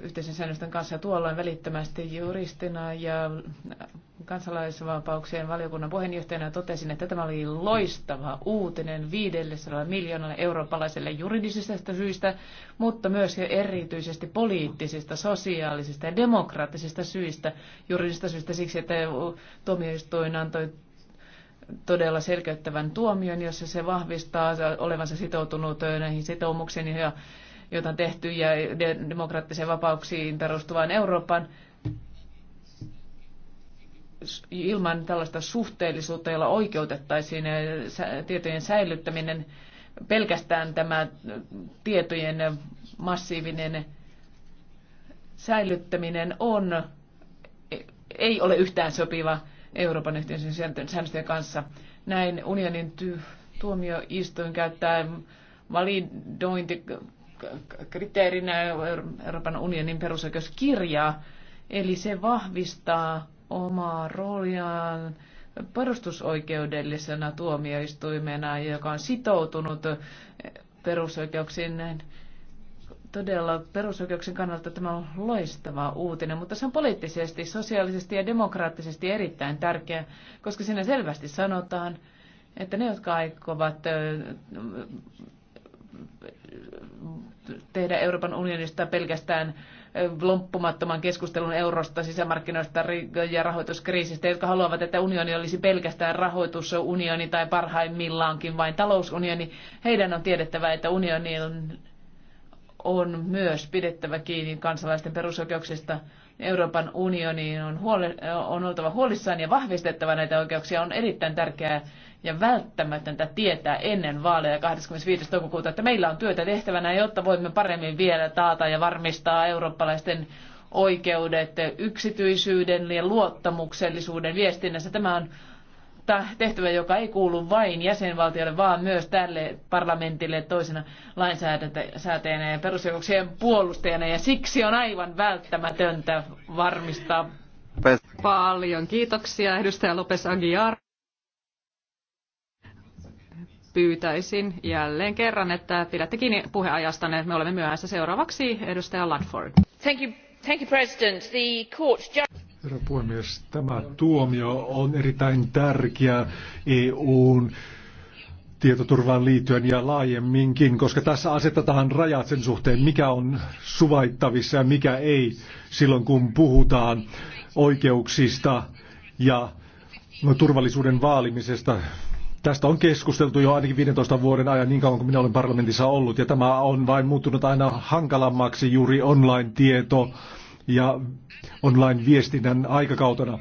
yhteisen säännöstön kanssa tuolloin välittömästi juristina ja äh, kansalaisvapauksien valiokunnan puheenjohtajana totesin, että tämä oli loistava uutinen 500 miljoonalle eurooppalaiselle juridisista syistä, mutta myös erityisesti poliittisista, sosiaalisista ja demokraattisista syistä, juridisista syistä siksi, että tuomioistuin antoi todella selkeyttävän tuomion, jossa se vahvistaa olevansa sitoutunut näihin sitoumuksiin ja jota on tehty, ja demokraattiseen vapauksiin perustuvaan Euroopan Ilman tällaista suhteellisuutta, jolla oikeutettaisiin tietojen säilyttäminen, pelkästään tämä tietojen massiivinen säilyttäminen on, ei ole yhtään sopiva Euroopan yhteisön säännösten kanssa. Näin unionin tuomioistuin käyttää validointi kriteerinä Euroopan unionin perusoikeuskirjaa, eli se vahvistaa omaa rooliaan perustusoikeudellisena tuomioistuimena, joka on sitoutunut perusoikeuksiin todella perusoikeuksien kannalta tämä on loistava uutinen, mutta se on poliittisesti, sosiaalisesti ja demokraattisesti erittäin tärkeä, koska siinä selvästi sanotaan, että ne, jotka aikovat tehdä Euroopan unionista pelkästään lomppumattoman keskustelun eurosta, sisämarkkinoista ja rahoituskriisistä, jotka haluavat, että unioni olisi pelkästään rahoitusunioni tai parhaimmillaankin vain talousunioni. Heidän on tiedettävä, että unioni on, on myös pidettävä kiinni kansalaisten perusoikeuksista. Euroopan unioni on, huole, on oltava huolissaan ja vahvistettava näitä oikeuksia. On erittäin tärkeää, ja välttämätöntä tietää ennen vaaleja 25. toukokuuta, että meillä on työtä tehtävänä, jotta voimme paremmin vielä taata ja varmistaa eurooppalaisten oikeudet yksityisyyden ja luottamuksellisuuden viestinnässä. Tämä on tehtävä, joka ei kuulu vain jäsenvaltiolle, vaan myös tälle parlamentille toisena lainsäätäjänä ja perusjoukoksien puolustajana. Ja siksi on aivan välttämätöntä varmistaa. Paljon kiitoksia edustaja Lopes Aguiar pyytäisin jälleen kerran, että pidätte kiinni puheajastanne. Me olemme myöhässä seuraavaksi. Edustaja Ludford. Thank you, thank you President. The court Herra puhemies, tämä tuomio on erittäin tärkeä EUn tietoturvaan liittyen ja laajemminkin, koska tässä asetetaan rajat sen suhteen, mikä on suvaittavissa ja mikä ei silloin, kun puhutaan oikeuksista ja turvallisuuden vaalimisesta Tästä on keskusteltu jo ainakin 15 vuoden ajan niin kauan kuin minä olen parlamentissa ollut ja tämä on vain muuttunut aina hankalammaksi juuri online-tieto ja online-viestinnän aikakautena.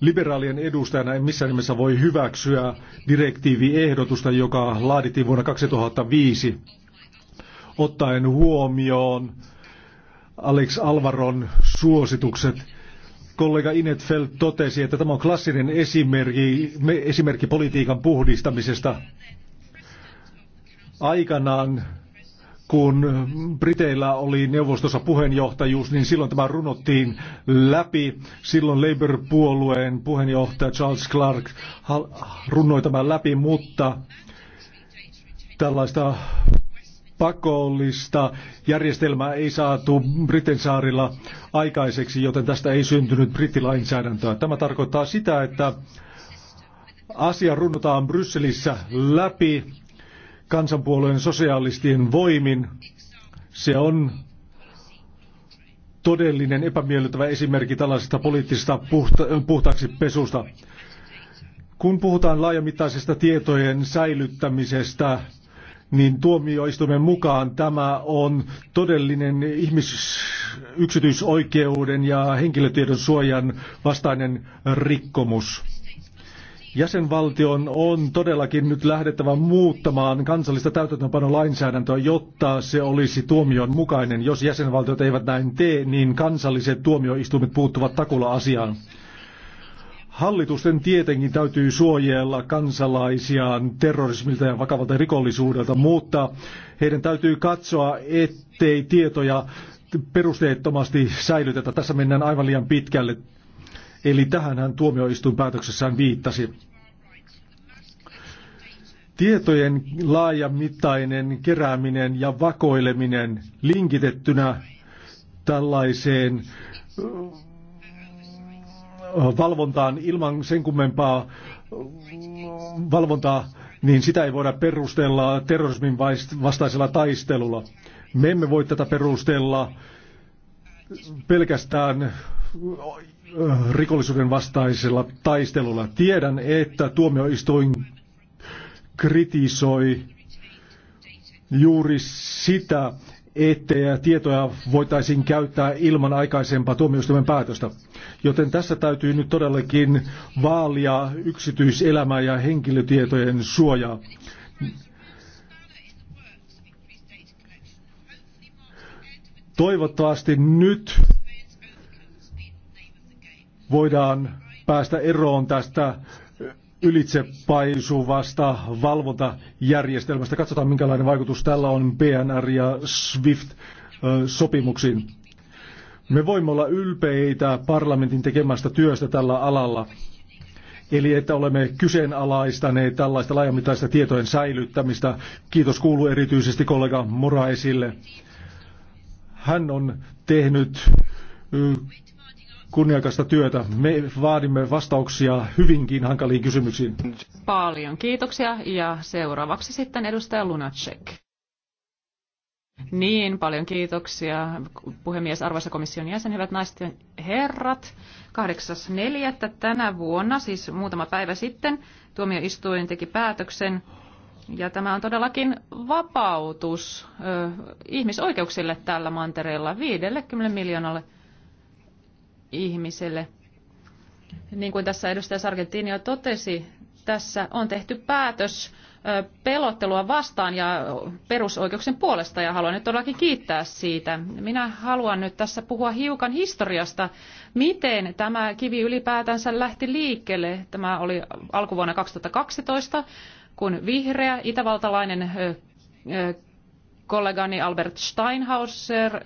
Liberaalien edustajana en missään nimessä voi hyväksyä direktiiviehdotusta, joka laadittiin vuonna 2005 ottaen huomioon Alex Alvaron suositukset – kollega Inetfeld totesi, että tämä on klassinen esimerkki, esimerkki politiikan puhdistamisesta. Aikanaan, kun Briteillä oli neuvostossa puheenjohtajuus, niin silloin tämä runottiin läpi. Silloin Labour-puolueen puheenjohtaja Charles Clark runnoi tämän läpi, mutta tällaista pakollista järjestelmää ei saatu Briten saarilla aikaiseksi, joten tästä ei syntynyt brittilainsäädäntöä. Tämä tarkoittaa sitä, että asia runnotaan Brysselissä läpi kansanpuolueen sosialistien voimin. Se on todellinen epämiellyttävä esimerkki tällaisesta poliittisesta puhta- puhtaaksi pesusta. Kun puhutaan laajamittaisesta tietojen säilyttämisestä, niin tuomioistuimen mukaan tämä on todellinen ihmis, yksityisoikeuden ja henkilötiedon suojan vastainen rikkomus. Jäsenvaltion on todellakin nyt lähdettävä muuttamaan kansallista täytäntöönpanolainsäädäntöä, jotta se olisi tuomion mukainen. Jos jäsenvaltiot eivät näin tee, niin kansalliset tuomioistuimet puuttuvat takula asiaan. Hallitusten tietenkin täytyy suojella kansalaisiaan terrorismilta ja vakavalta rikollisuudelta, mutta heidän täytyy katsoa, ettei tietoja perusteettomasti säilytetä. Tässä mennään aivan liian pitkälle. Eli tähän hän tuomioistuin päätöksessään viittasi. Tietojen laajamittainen kerääminen ja vakoileminen linkitettynä tällaiseen valvontaan ilman sen kummempaa mm, valvontaa, niin sitä ei voida perustella terrorismin vastaisella taistelulla. Me emme voi tätä perustella pelkästään rikollisuuden vastaisella taistelulla. Tiedän, että tuomioistuin kritisoi juuri sitä, että tietoja voitaisiin käyttää ilman aikaisempaa tuomioistuimen päätöstä. Joten tässä täytyy nyt todellakin vaalia yksityiselämää ja henkilötietojen suojaa. Toivottavasti nyt voidaan päästä eroon tästä ylitsepaisuvasta valvontajärjestelmästä. Katsotaan, minkälainen vaikutus tällä on PNR ja SWIFT-sopimuksiin. Me voimme olla ylpeitä parlamentin tekemästä työstä tällä alalla. Eli että olemme kyseenalaistaneet tällaista laajamittaista tietojen säilyttämistä. Kiitos kuuluu erityisesti kollega Moraisille. Hän on tehnyt kunniakasta työtä. Me vaadimme vastauksia hyvinkin hankaliin kysymyksiin. Paljon kiitoksia ja seuraavaksi sitten edustaja Lunacek. Niin, paljon kiitoksia puhemies, arvoisa komission jäsen, hyvät naiset ja herrat. 8.4. tänä vuonna, siis muutama päivä sitten, tuomioistuin teki päätöksen ja tämä on todellakin vapautus ö, ihmisoikeuksille tällä mantereella 50 miljoonalle ihmiselle. Niin kuin tässä edustaja Sargentini jo totesi, tässä on tehty päätös pelottelua vastaan ja perusoikeuksien puolesta ja haluan nyt todellakin kiittää siitä. Minä haluan nyt tässä puhua hiukan historiasta, miten tämä kivi ylipäätänsä lähti liikkeelle. Tämä oli alkuvuonna 2012, kun vihreä itävaltalainen kollegani Albert Steinhauser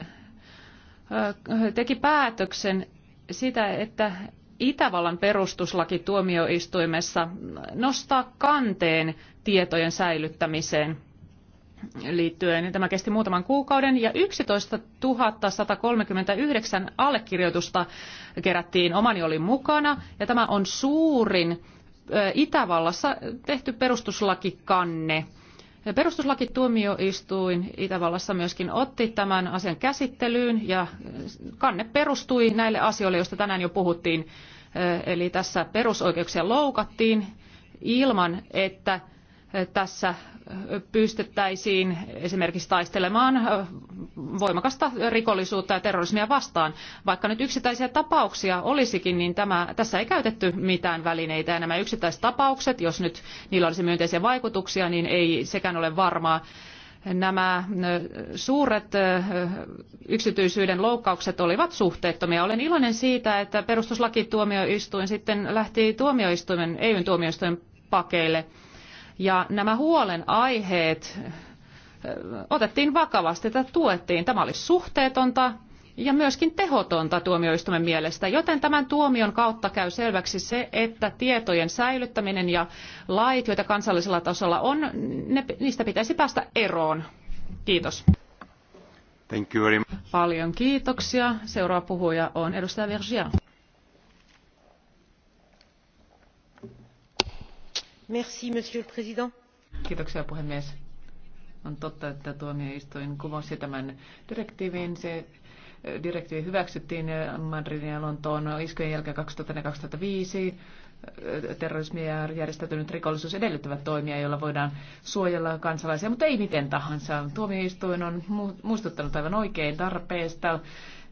teki päätöksen, sitä, että Itävallan perustuslaki tuomioistuimessa nostaa kanteen tietojen säilyttämiseen liittyen. Tämä kesti muutaman kuukauden ja 11 139 allekirjoitusta kerättiin. Omani oli mukana ja tämä on suurin Itävallassa tehty perustuslakikanne. Perustuslakituomioistuin Itävallassa myöskin otti tämän asian käsittelyyn ja kanne perustui näille asioille, joista tänään jo puhuttiin. Eli tässä perusoikeuksia loukattiin ilman, että tässä pystyttäisiin esimerkiksi taistelemaan voimakasta rikollisuutta ja terrorismia vastaan. Vaikka nyt yksittäisiä tapauksia olisikin, niin tämä, tässä ei käytetty mitään välineitä. Ja nämä yksittäiset tapaukset, jos nyt niillä olisi myönteisiä vaikutuksia, niin ei sekään ole varmaa. Nämä äh, suuret äh, yksityisyyden loukkaukset olivat suhteettomia. Olen iloinen siitä, että perustuslakituomioistuin sitten lähti tuomioistuimen, EU-tuomioistuimen pakeille – ja nämä huolenaiheet eh, otettiin vakavasti, tätä tuettiin. Tämä oli suhteetonta ja myöskin tehotonta tuomioistuimen mielestä, joten tämän tuomion kautta käy selväksi se, että tietojen säilyttäminen ja lait, joita kansallisella tasolla on, ne, niistä pitäisi päästä eroon. Kiitos. Thank you very much. Paljon kiitoksia. Seuraava puhuja on edustaja Virgia. monsieur le président kiitoksia puhemies on totta että tuomioistuin kuvasi tämän direktiivin se eh, direktiivi hyväksyttiin eh, Madridin ja Lontoon iskujen jälkeen 2005 eh, Terrorismi ja järjestäytynyt rikollisuus edellyttävät toimia, joilla voidaan suojella kansalaisia, mutta ei miten tahansa. Tuomioistuin on muistuttanut aivan oikein tarpeesta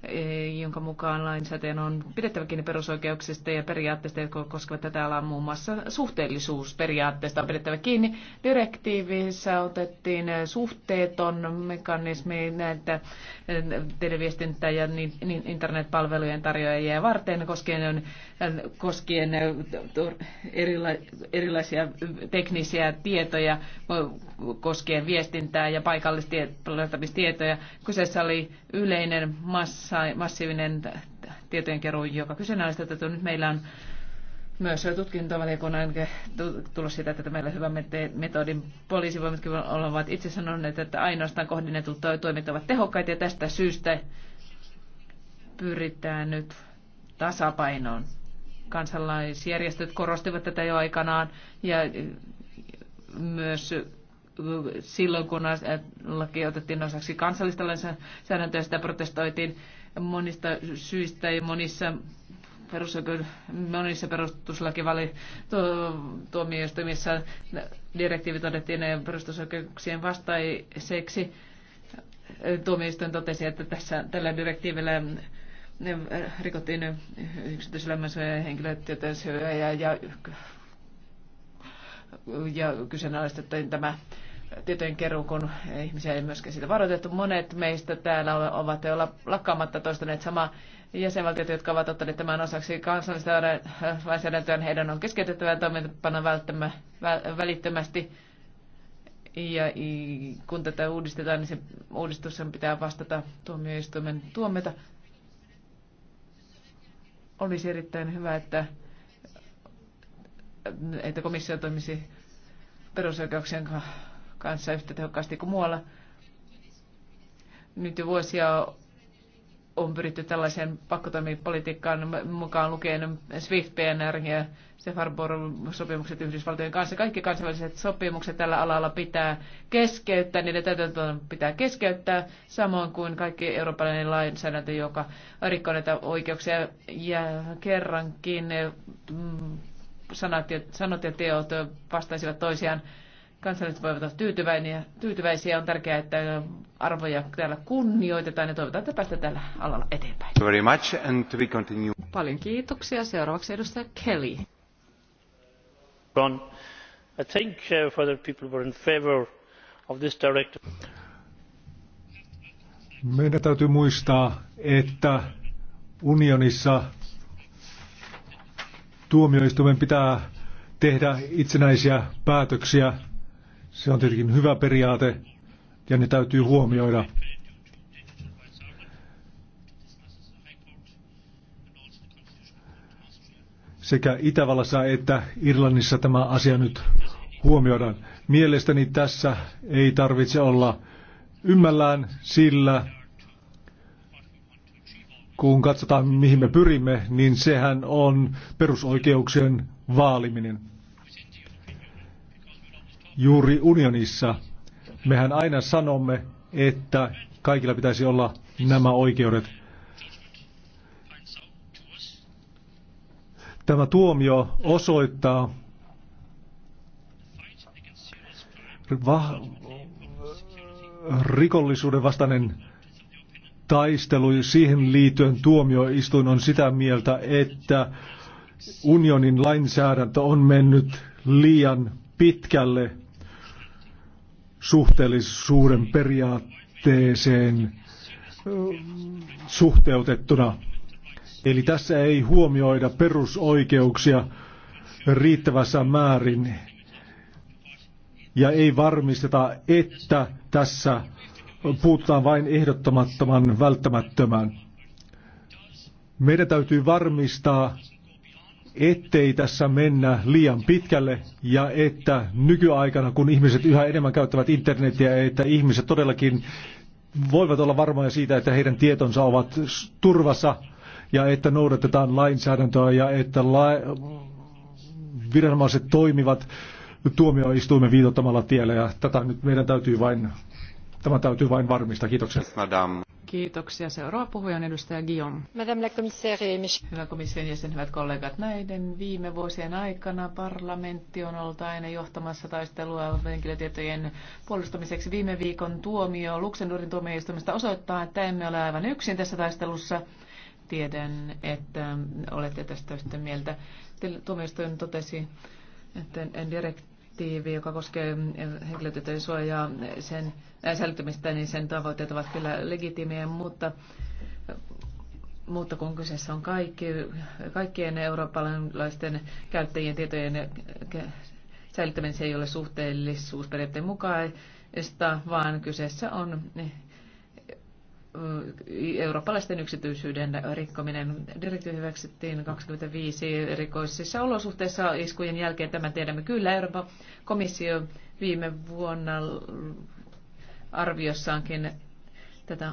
Eh, jonka mukaan lainsäätäjän on pidettävä kiinni perusoikeuksista ja periaatteista, jotka koskevat tätä alaa muun muassa suhteellisuusperiaatteesta on pidettävä kiinni. Direktiivissä otettiin eh, suhteeton mekanismi näitä eh, televiestintä ja niin, niin internetpalvelujen tarjoajia varten koskien, koskien erilaisia teknisiä tietoja koskien viestintää ja paikallistietoja. Kyseessä oli yleinen massa massiivinen tietojenkeruu, joka tätä Nyt meillä on myös tutkintovaliokunnan tullut sitä, että meillä on hyvä metodin poliisivoimatkin ovat itse sanoneet, että ainoastaan kohdennetut toimet ovat tehokkaita ja tästä syystä pyritään nyt tasapainoon. Kansalaisjärjestöt korostivat tätä jo aikanaan ja myös silloin, kun laki otettiin osaksi kansallista lainsäädäntöä, sitä protestoitiin monista syistä ja monissa monissa perustuslakivalituomioistuimissa direktiivi todettiin perustusoikeuksien vastaiseksi. Tuomioistuin totesi, että tässä, tällä direktiivillä ne rikottiin yksityiselämän henkilöt, ja henkilötietojen ja, ja, ja kyseenalaistettiin tämä tietojen keruun, kun ihmisiä ei myöskään siitä varoitettu. Monet meistä täällä ovat jo lakkaamatta toistaneet samaa jäsenvaltiot, jotka ovat ottaneet tämän osaksi kansallista lainsäädäntöä, heidän on keskeytettävä toimintapana välittömästi. Ja kun tätä uudistetaan, niin se uudistus pitää vastata tuomioistuimen tuomiota. Olisi erittäin hyvä, että, että komissio toimisi perusoikeuksien kanssa yhtä tehokkaasti kuin muualla. Nyt jo vuosia on pyritty tällaiseen pakkotoimipolitiikkaan mukaan lukien SWIFT, PNR ja Sefarbor-sopimukset Yhdysvaltojen kanssa. Kaikki kansainväliset sopimukset tällä alalla pitää keskeyttää, niiden täytäntöön pitää keskeyttää, samoin kuin kaikki eurooppalainen lainsäädäntö, joka rikkoo näitä oikeuksia. Ja kerrankin mm, sanat ja, sanot ja teot vastaisivat toisiaan kansalaiset voivat olla tyytyväisiä. tyytyväisiä. On tärkeää, että arvoja täällä kunnioitetaan ja toivotaan, että päästään tällä alalla eteenpäin. Very much and we continue. Paljon kiitoksia. Seuraavaksi edustaja Kelly. Bon, I think whether uh, people were in favor of this directive. Meidän täytyy muistaa, että unionissa tuomioistuimen pitää tehdä itsenäisiä päätöksiä se on tietenkin hyvä periaate ja ne täytyy huomioida. Sekä Itävallassa että Irlannissa tämä asia nyt huomioidaan. Mielestäni tässä ei tarvitse olla ymmällään, sillä kun katsotaan mihin me pyrimme, niin sehän on perusoikeuksien vaaliminen juuri unionissa. Mehän aina sanomme, että kaikilla pitäisi olla nämä oikeudet. Tämä tuomio osoittaa va- rikollisuuden vastainen taistelu. Siihen liittyen tuomioistuin on sitä mieltä, että unionin lainsäädäntö on mennyt liian pitkälle suhteellisuuden periaatteeseen suhteutettuna. Eli tässä ei huomioida perusoikeuksia riittävässä määrin ja ei varmisteta, että tässä puhutaan vain ehdottamattoman välttämättömän. Meidän täytyy varmistaa, ettei tässä mennä liian pitkälle ja että nykyaikana, kun ihmiset yhä enemmän käyttävät internetiä, että ihmiset todellakin voivat olla varmoja siitä, että heidän tietonsa ovat turvassa ja että noudatetaan lainsäädäntöä ja että la- viranomaiset toimivat tuomioistuimen viitottamalla tiellä ja tätä nyt meidän täytyy vain, tämä täytyy vain varmistaa. Kiitoksia. Madame. Kiitoksia. Seuraava puhuja on edustaja Guillaume. Madame la commissaire. Hyvä komission jäsen, hyvät kollegat. Näiden viime vuosien aikana parlamentti on ollut aina johtamassa taistelua henkilötietojen puolustamiseksi. Viime viikon tuomio Luxemburgin tuomioistuimesta osoittaa, että emme ole aivan yksin tässä taistelussa. Tiedän, että olette tästä yhtä mieltä. Tuomioistuin totesi, että en direkt direktiivi, joka koskee henkilötietojen suojaa sen äh, säilyttämistä, niin sen tavoitteet ovat kyllä legitiimejä, mutta mutta kun kyseessä on kaikki, kaikkien eurooppalaisten käyttäjien tietojen säilyttäminen, se ei ole suhteellisuusperiaatteen mukaista, vaan kyseessä on eurooppalaisten yksityisyyden rikkominen. Direktiivi hyväksyttiin 25 erikoisissa olosuhteissa iskujen jälkeen. Tämä tiedämme kyllä. Euroopan komissio viime vuonna arviossaankin tätä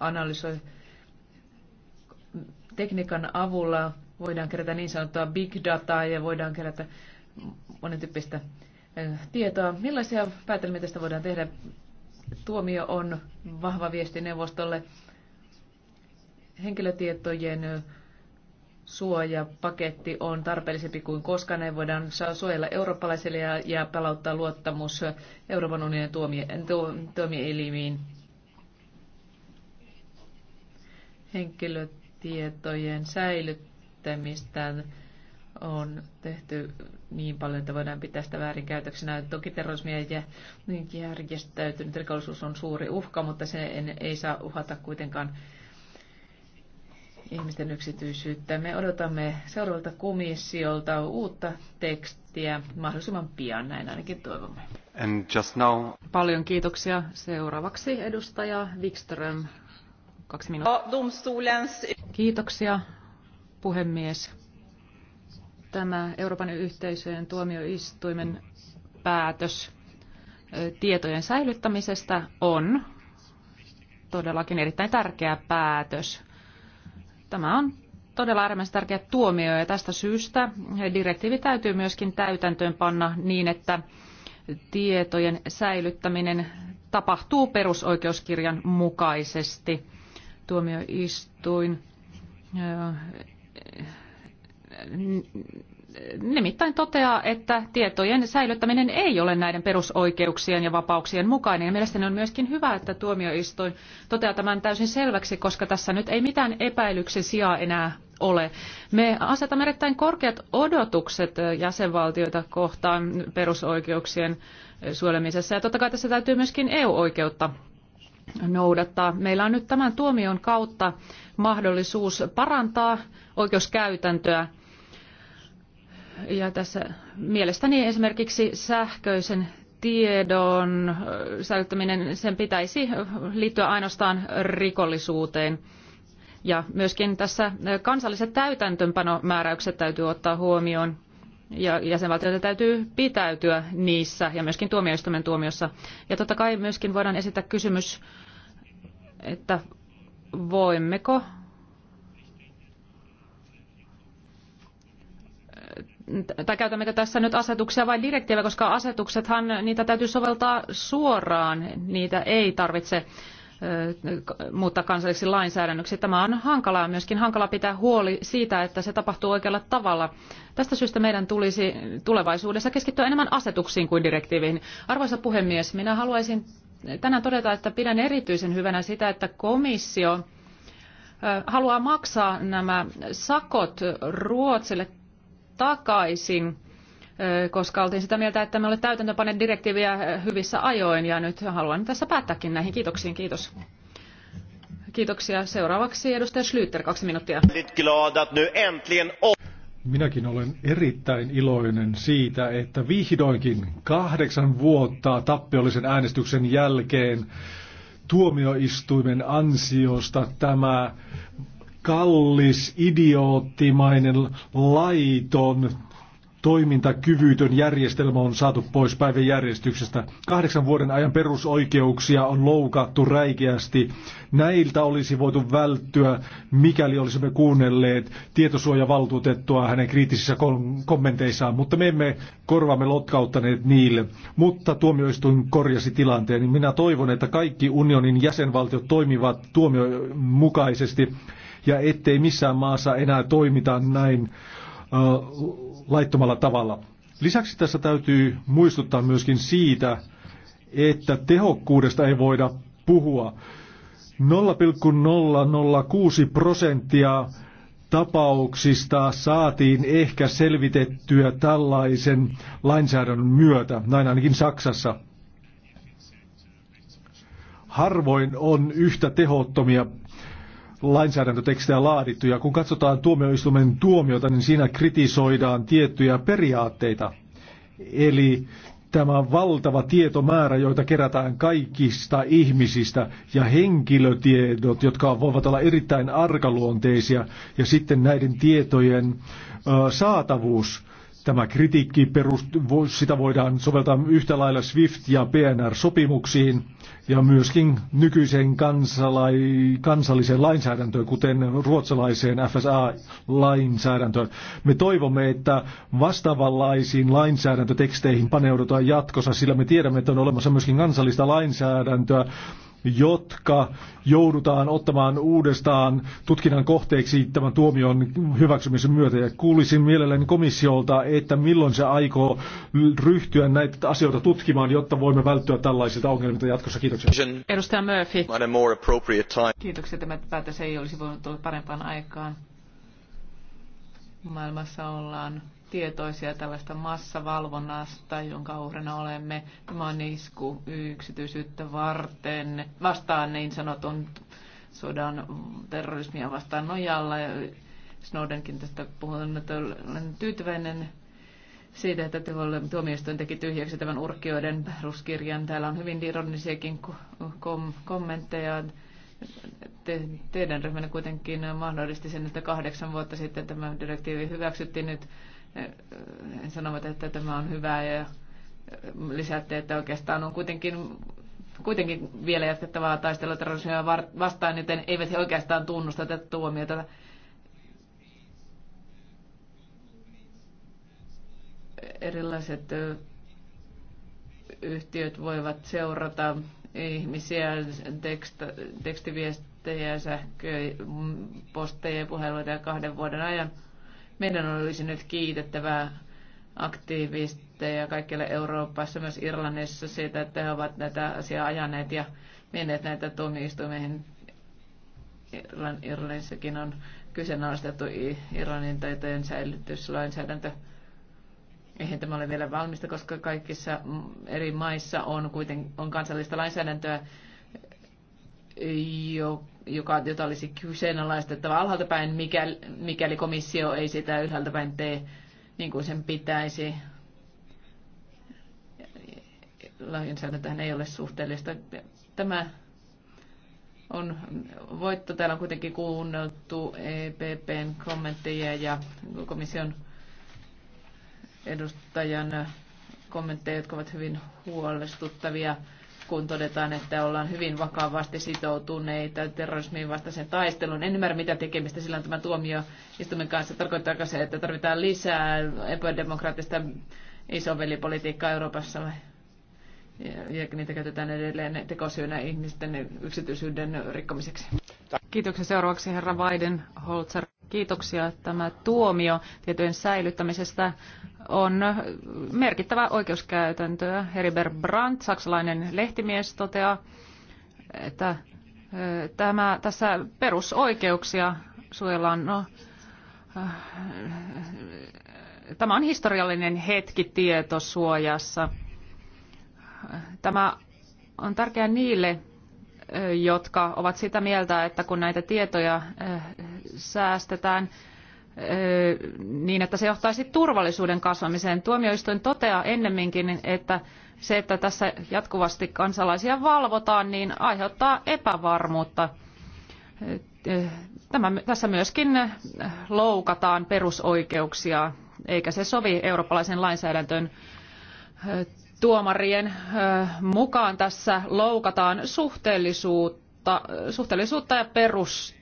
analysoi tekniikan avulla voidaan kerätä niin sanottua big dataa ja voidaan kerätä monen tyyppistä tietoa. Millaisia päätelmiä tästä voidaan tehdä Tuomio on vahva viesti neuvostolle. Henkilötietojen suojapaketti on tarpeellisempi kuin koskaan. Ne voidaan suojella eurooppalaisille ja, ja palauttaa luottamus Euroopan unionin tuomioelimiin. Henkilötietojen säilyttämistä on tehty niin paljon, että voidaan pitää sitä väärinkäytöksenä. Toki terrorismi ja niin järjestäytynyt rikollisuus on suuri uhka, mutta se ei saa uhata kuitenkaan ihmisten yksityisyyttä. Me odotamme seuraavalta komissiolta uutta tekstiä mahdollisimman pian, näin ainakin toivomme. And just now... Paljon kiitoksia. Seuraavaksi edustaja Wikström. Kaksi minuuttia. Kiitoksia, puhemies tämä Euroopan yhteisöjen tuomioistuimen päätös tietojen säilyttämisestä on todellakin erittäin tärkeä päätös. Tämä on todella äärimmäisen tärkeä tuomio ja tästä syystä direktiivi täytyy myöskin täytäntöön panna niin, että tietojen säilyttäminen tapahtuu perusoikeuskirjan mukaisesti. Tuomioistuin nimittäin toteaa, että tietojen säilyttäminen ei ole näiden perusoikeuksien ja vapauksien mukainen. Ja mielestäni on myöskin hyvä, että tuomioistuin toteaa tämän täysin selväksi, koska tässä nyt ei mitään epäilyksen sijaa enää ole. Me asetamme erittäin korkeat odotukset jäsenvaltioita kohtaan perusoikeuksien suojelemisessa. Ja totta kai tässä täytyy myöskin EU-oikeutta noudattaa. Meillä on nyt tämän tuomion kautta mahdollisuus parantaa oikeuskäytäntöä ja tässä mielestäni esimerkiksi sähköisen tiedon säilyttäminen, sen pitäisi liittyä ainoastaan rikollisuuteen. Ja myöskin tässä kansalliset täytäntöönpanomääräykset täytyy ottaa huomioon ja jäsenvaltioita täytyy pitäytyä niissä ja myöskin tuomioistuimen tuomiossa. Ja totta kai myöskin voidaan esittää kysymys, että voimmeko tai käytämmekö tässä nyt asetuksia vai direktiivejä, koska asetuksethan niitä täytyy soveltaa suoraan, niitä ei tarvitse muuttaa kansalliseksi lainsäädännöksi. Tämä on hankalaa myöskin. Hankala pitää huoli siitä, että se tapahtuu oikealla tavalla. Tästä syystä meidän tulisi tulevaisuudessa keskittyä enemmän asetuksiin kuin direktiiviin. Arvoisa puhemies, minä haluaisin tänään todeta, että pidän erityisen hyvänä sitä, että komissio haluaa maksaa nämä sakot Ruotsille takaisin, koska oltiin sitä mieltä, että me olemme täytäntöpane direktiiviä hyvissä ajoin ja nyt haluan tässä päättääkin näihin kiitoksiin. Kiitos. Kiitoksia. Seuraavaksi edustaja Schlüter, kaksi minuuttia. Minäkin olen erittäin iloinen siitä, että vihdoinkin kahdeksan vuotta tappiollisen äänestyksen jälkeen tuomioistuimen ansiosta tämä kallis, idioottimainen, laiton, toimintakyvytön järjestelmä on saatu pois päiväjärjestyksestä. Kahdeksan vuoden ajan perusoikeuksia on loukattu räikeästi. Näiltä olisi voitu välttyä, mikäli olisimme kuunnelleet tietosuojavaltuutettua hänen kriittisissä kommenteissaan, mutta me emme korvamme lotkauttaneet niille. Mutta tuomioistuin korjasi tilanteen. Minä toivon, että kaikki unionin jäsenvaltiot toimivat tuomio mukaisesti ja ettei missään maassa enää toimita näin laittomalla tavalla. Lisäksi tässä täytyy muistuttaa myöskin siitä, että tehokkuudesta ei voida puhua. 0,006 prosenttia tapauksista saatiin ehkä selvitettyä tällaisen lainsäädännön myötä, näin ainakin Saksassa. Harvoin on yhtä tehottomia lainsäädäntötekstejä laadittu. Ja kun katsotaan tuomioistuimen tuomiota, niin siinä kritisoidaan tiettyjä periaatteita. Eli tämä valtava tietomäärä, joita kerätään kaikista ihmisistä ja henkilötiedot, jotka voivat olla erittäin arkaluonteisia ja sitten näiden tietojen ö, saatavuus. Tämä kritiikki perust, sitä voidaan soveltaa yhtä lailla SWIFT- ja PNR-sopimuksiin ja myöskin nykyiseen kansalai, kansalliseen lainsäädäntöön, kuten ruotsalaiseen FSA-lainsäädäntöön. Me toivomme, että vastaavanlaisiin lainsäädäntöteksteihin paneudutaan jatkossa, sillä me tiedämme, että on olemassa myöskin kansallista lainsäädäntöä, jotka joudutaan ottamaan uudestaan tutkinnan kohteeksi tämän tuomion hyväksymisen myötä. Ja kuulisin mielelläni komissiolta, että milloin se aikoo ryhtyä näitä asioita tutkimaan, jotta voimme välttyä tällaisilta ongelmilta jatkossa. Kiitoksia. Edustaja Murphy. Kiitoksia. että päätös ei olisi voinut tulla parempaan aikaan. Maailmassa ollaan tietoisia tällaista massavalvonnasta, jonka uhrina olemme. Tämä on isku yksityisyyttä varten vastaan niin sanotun sodan terrorismia vastaan nojalla. Snowdenkin tästä puhunut, että olen tyytyväinen siitä, että tuomioistuin teki tyhjäksi tämän urkioiden peruskirjan. Täällä on hyvin ironisiakin kom- kommentteja. Te- teidän ryhmänne kuitenkin mahdollisti sen, että kahdeksan vuotta sitten tämä direktiivi hyväksyttiin. Nyt sanovat, että tämä on hyvä ja lisätte, että oikeastaan on kuitenkin, kuitenkin vielä jatkettavaa taistelua terrorismia vastaan, joten eivät he oikeastaan tunnusta tätä tuomiota. Erilaiset yhtiöt voivat seurata ihmisiä, teksta, tekstiviestejä, sähköposteja ja puheluita kahden vuoden ajan – meidän olisi nyt kiitettävää aktiivisteja kaikille Euroopassa, myös Irlannissa siitä, että he ovat näitä asiaa ajaneet ja menneet näitä tuomioistuimeihin. Irlannissakin on kyseenalaistettu Irlannin taitojen säilytyslainsäädäntö. Eihän tämä ole vielä valmista, koska kaikissa eri maissa on, kuitenkin on kansallista lainsäädäntöä, jo joka, jota olisi kyseenalaistettava alhaalta päin, mikäli, mikäli komissio ei sitä ylhäältä päin tee niin kuin sen pitäisi. Lainsäädäntöhän ei ole suhteellista. Tämä on voitto. Täällä on kuitenkin kuunneltu EPPn kommentteja ja komission edustajan kommentteja, jotka ovat hyvin huolestuttavia kun todetaan, että ollaan hyvin vakavasti sitoutuneita terrorismin vastaisen taisteluun. En ymmärrä, mitä tekemistä sillä on tämä tuomio istumen kanssa. Tarkoittaako se, että tarvitaan lisää epädemokraattista isovelipolitiikkaa Euroopassa vai? Ja niitä käytetään edelleen tekosyynä ihmisten yksityisyyden rikkomiseksi. Kiitoksia seuraavaksi herra Biden Holzer. Kiitoksia tämä tuomio tietojen säilyttämisestä on merkittävä oikeuskäytäntöä. Heribert Brandt, saksalainen lehtimies, toteaa, että eh, tämä, tässä perusoikeuksia suojellaan. No, eh, tämä on historiallinen hetki tietosuojassa. Tämä on tärkeää niille, eh, jotka ovat sitä mieltä, että kun näitä tietoja säästetään, niin, että se johtaisi turvallisuuden kasvamiseen. Tuomioistuin toteaa ennemminkin, että se, että tässä jatkuvasti kansalaisia valvotaan, niin aiheuttaa epävarmuutta. Tämä, tässä myöskin loukataan perusoikeuksia, eikä se sovi eurooppalaisen lainsäädäntöön tuomarien mukaan tässä loukataan suhteellisuutta, suhteellisuutta ja perus,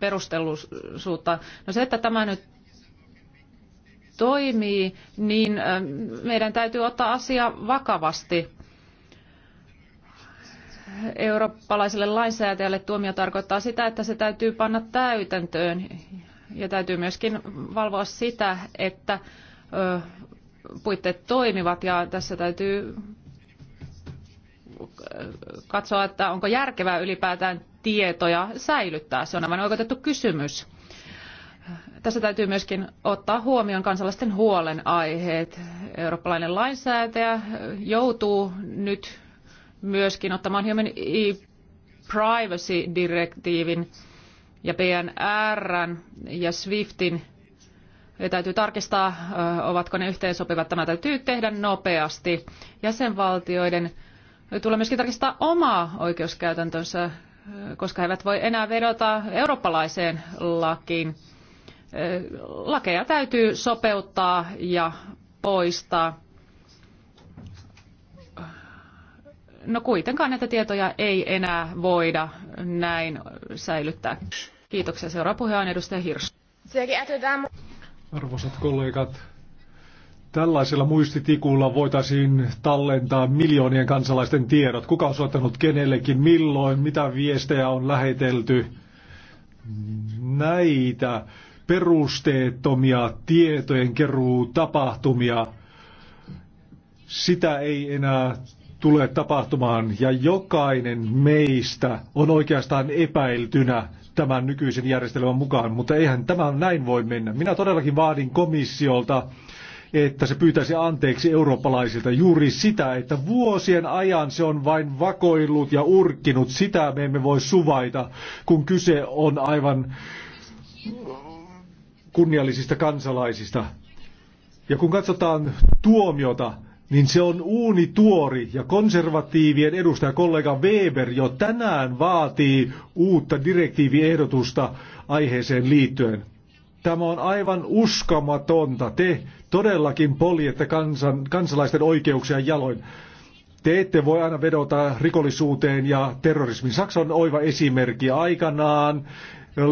perustelluisuutta. No se, että tämä nyt toimii, niin meidän täytyy ottaa asia vakavasti. Eurooppalaiselle lainsäätäjälle tuomio tarkoittaa sitä, että se täytyy panna täytäntöön ja täytyy myöskin valvoa sitä, että puitteet toimivat ja tässä täytyy katsoa, että onko järkevää ylipäätään tietoja säilyttää. Se on aivan oikeutettu kysymys. Tässä täytyy myöskin ottaa huomioon kansalaisten huolenaiheet. Eurooppalainen lainsäätäjä joutuu nyt myöskin ottamaan hieman e-privacy-direktiivin ja PNR ja SWIFTin ja täytyy tarkistaa, ovatko ne yhteensopivat. Tämä täytyy tehdä nopeasti. Jäsenvaltioiden tulee myöskin tarkistaa omaa oikeuskäytäntönsä, koska he eivät voi enää vedota eurooppalaiseen lakiin. Lakeja täytyy sopeuttaa ja poistaa. No kuitenkaan näitä tietoja ei enää voida näin säilyttää. Kiitoksia. Seuraava on edustaja Hirsch. Arvoisat kollegat, Tällaisella muistitikulla voitaisiin tallentaa miljoonien kansalaisten tiedot. Kuka on soittanut kenellekin, milloin, mitä viestejä on lähetelty. Näitä perusteettomia tietojen keruu tapahtumia. Sitä ei enää tule tapahtumaan ja jokainen meistä on oikeastaan epäiltynä tämän nykyisen järjestelmän mukaan, mutta eihän tämä näin voi mennä. Minä todellakin vaadin komissiolta että se pyytäisi anteeksi eurooppalaisilta juuri sitä, että vuosien ajan se on vain vakoillut ja urkkinut. Sitä me emme voi suvaita, kun kyse on aivan kunniallisista kansalaisista. Ja kun katsotaan tuomiota, niin se on tuori ja konservatiivien edustaja kollega Weber jo tänään vaatii uutta direktiiviehdotusta aiheeseen liittyen. Tämä on aivan uskomatonta. Te todellakin poljette kansan, kansalaisten oikeuksia jaloin. Te ette voi aina vedota rikollisuuteen ja terrorismiin. Saksa on oiva esimerkki aikanaan.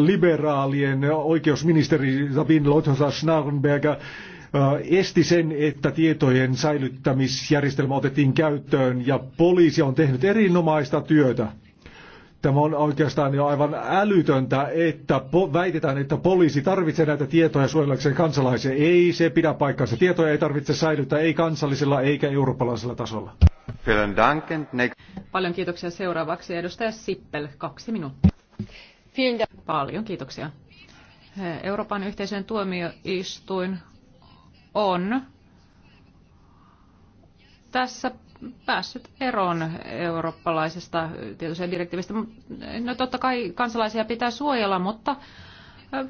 Liberaalien oikeusministeri Sabine Lothar Schnarrenberg äh, esti sen, että tietojen säilyttämisjärjestelmä otettiin käyttöön ja poliisi on tehnyt erinomaista työtä. Tämä on oikeastaan jo aivan älytöntä, että väitetään, että poliisi tarvitsee näitä tietoja suojellakseen kansalaisia. Ei se pidä paikkaansa. Tietoja ei tarvitse säilyttää ei kansallisella eikä eurooppalaisella tasolla. Paljon kiitoksia seuraavaksi. Edustaja Sippel, kaksi minuuttia. Paljon kiitoksia. Euroopan yhteisön tuomioistuin on tässä päässyt eroon eurooppalaisesta tietoisen direktiivistä. No totta kai kansalaisia pitää suojella, mutta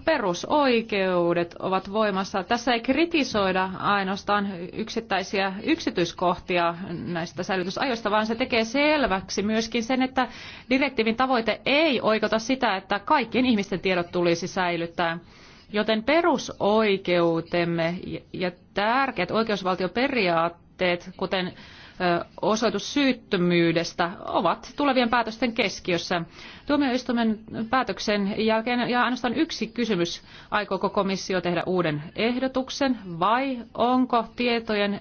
perusoikeudet ovat voimassa. Tässä ei kritisoida ainoastaan yksittäisiä yksityiskohtia näistä säilytysajoista, vaan se tekee selväksi myöskin sen, että direktiivin tavoite ei oikota sitä, että kaikkien ihmisten tiedot tulisi säilyttää. Joten perusoikeutemme ja tärkeät oikeusvaltioperiaatteet, kuten osoitus syyttömyydestä ovat tulevien päätösten keskiössä. Tuomioistuimen päätöksen jälkeen ja ainoastaan yksi kysymys, aikooko komissio tehdä uuden ehdotuksen vai onko tietojen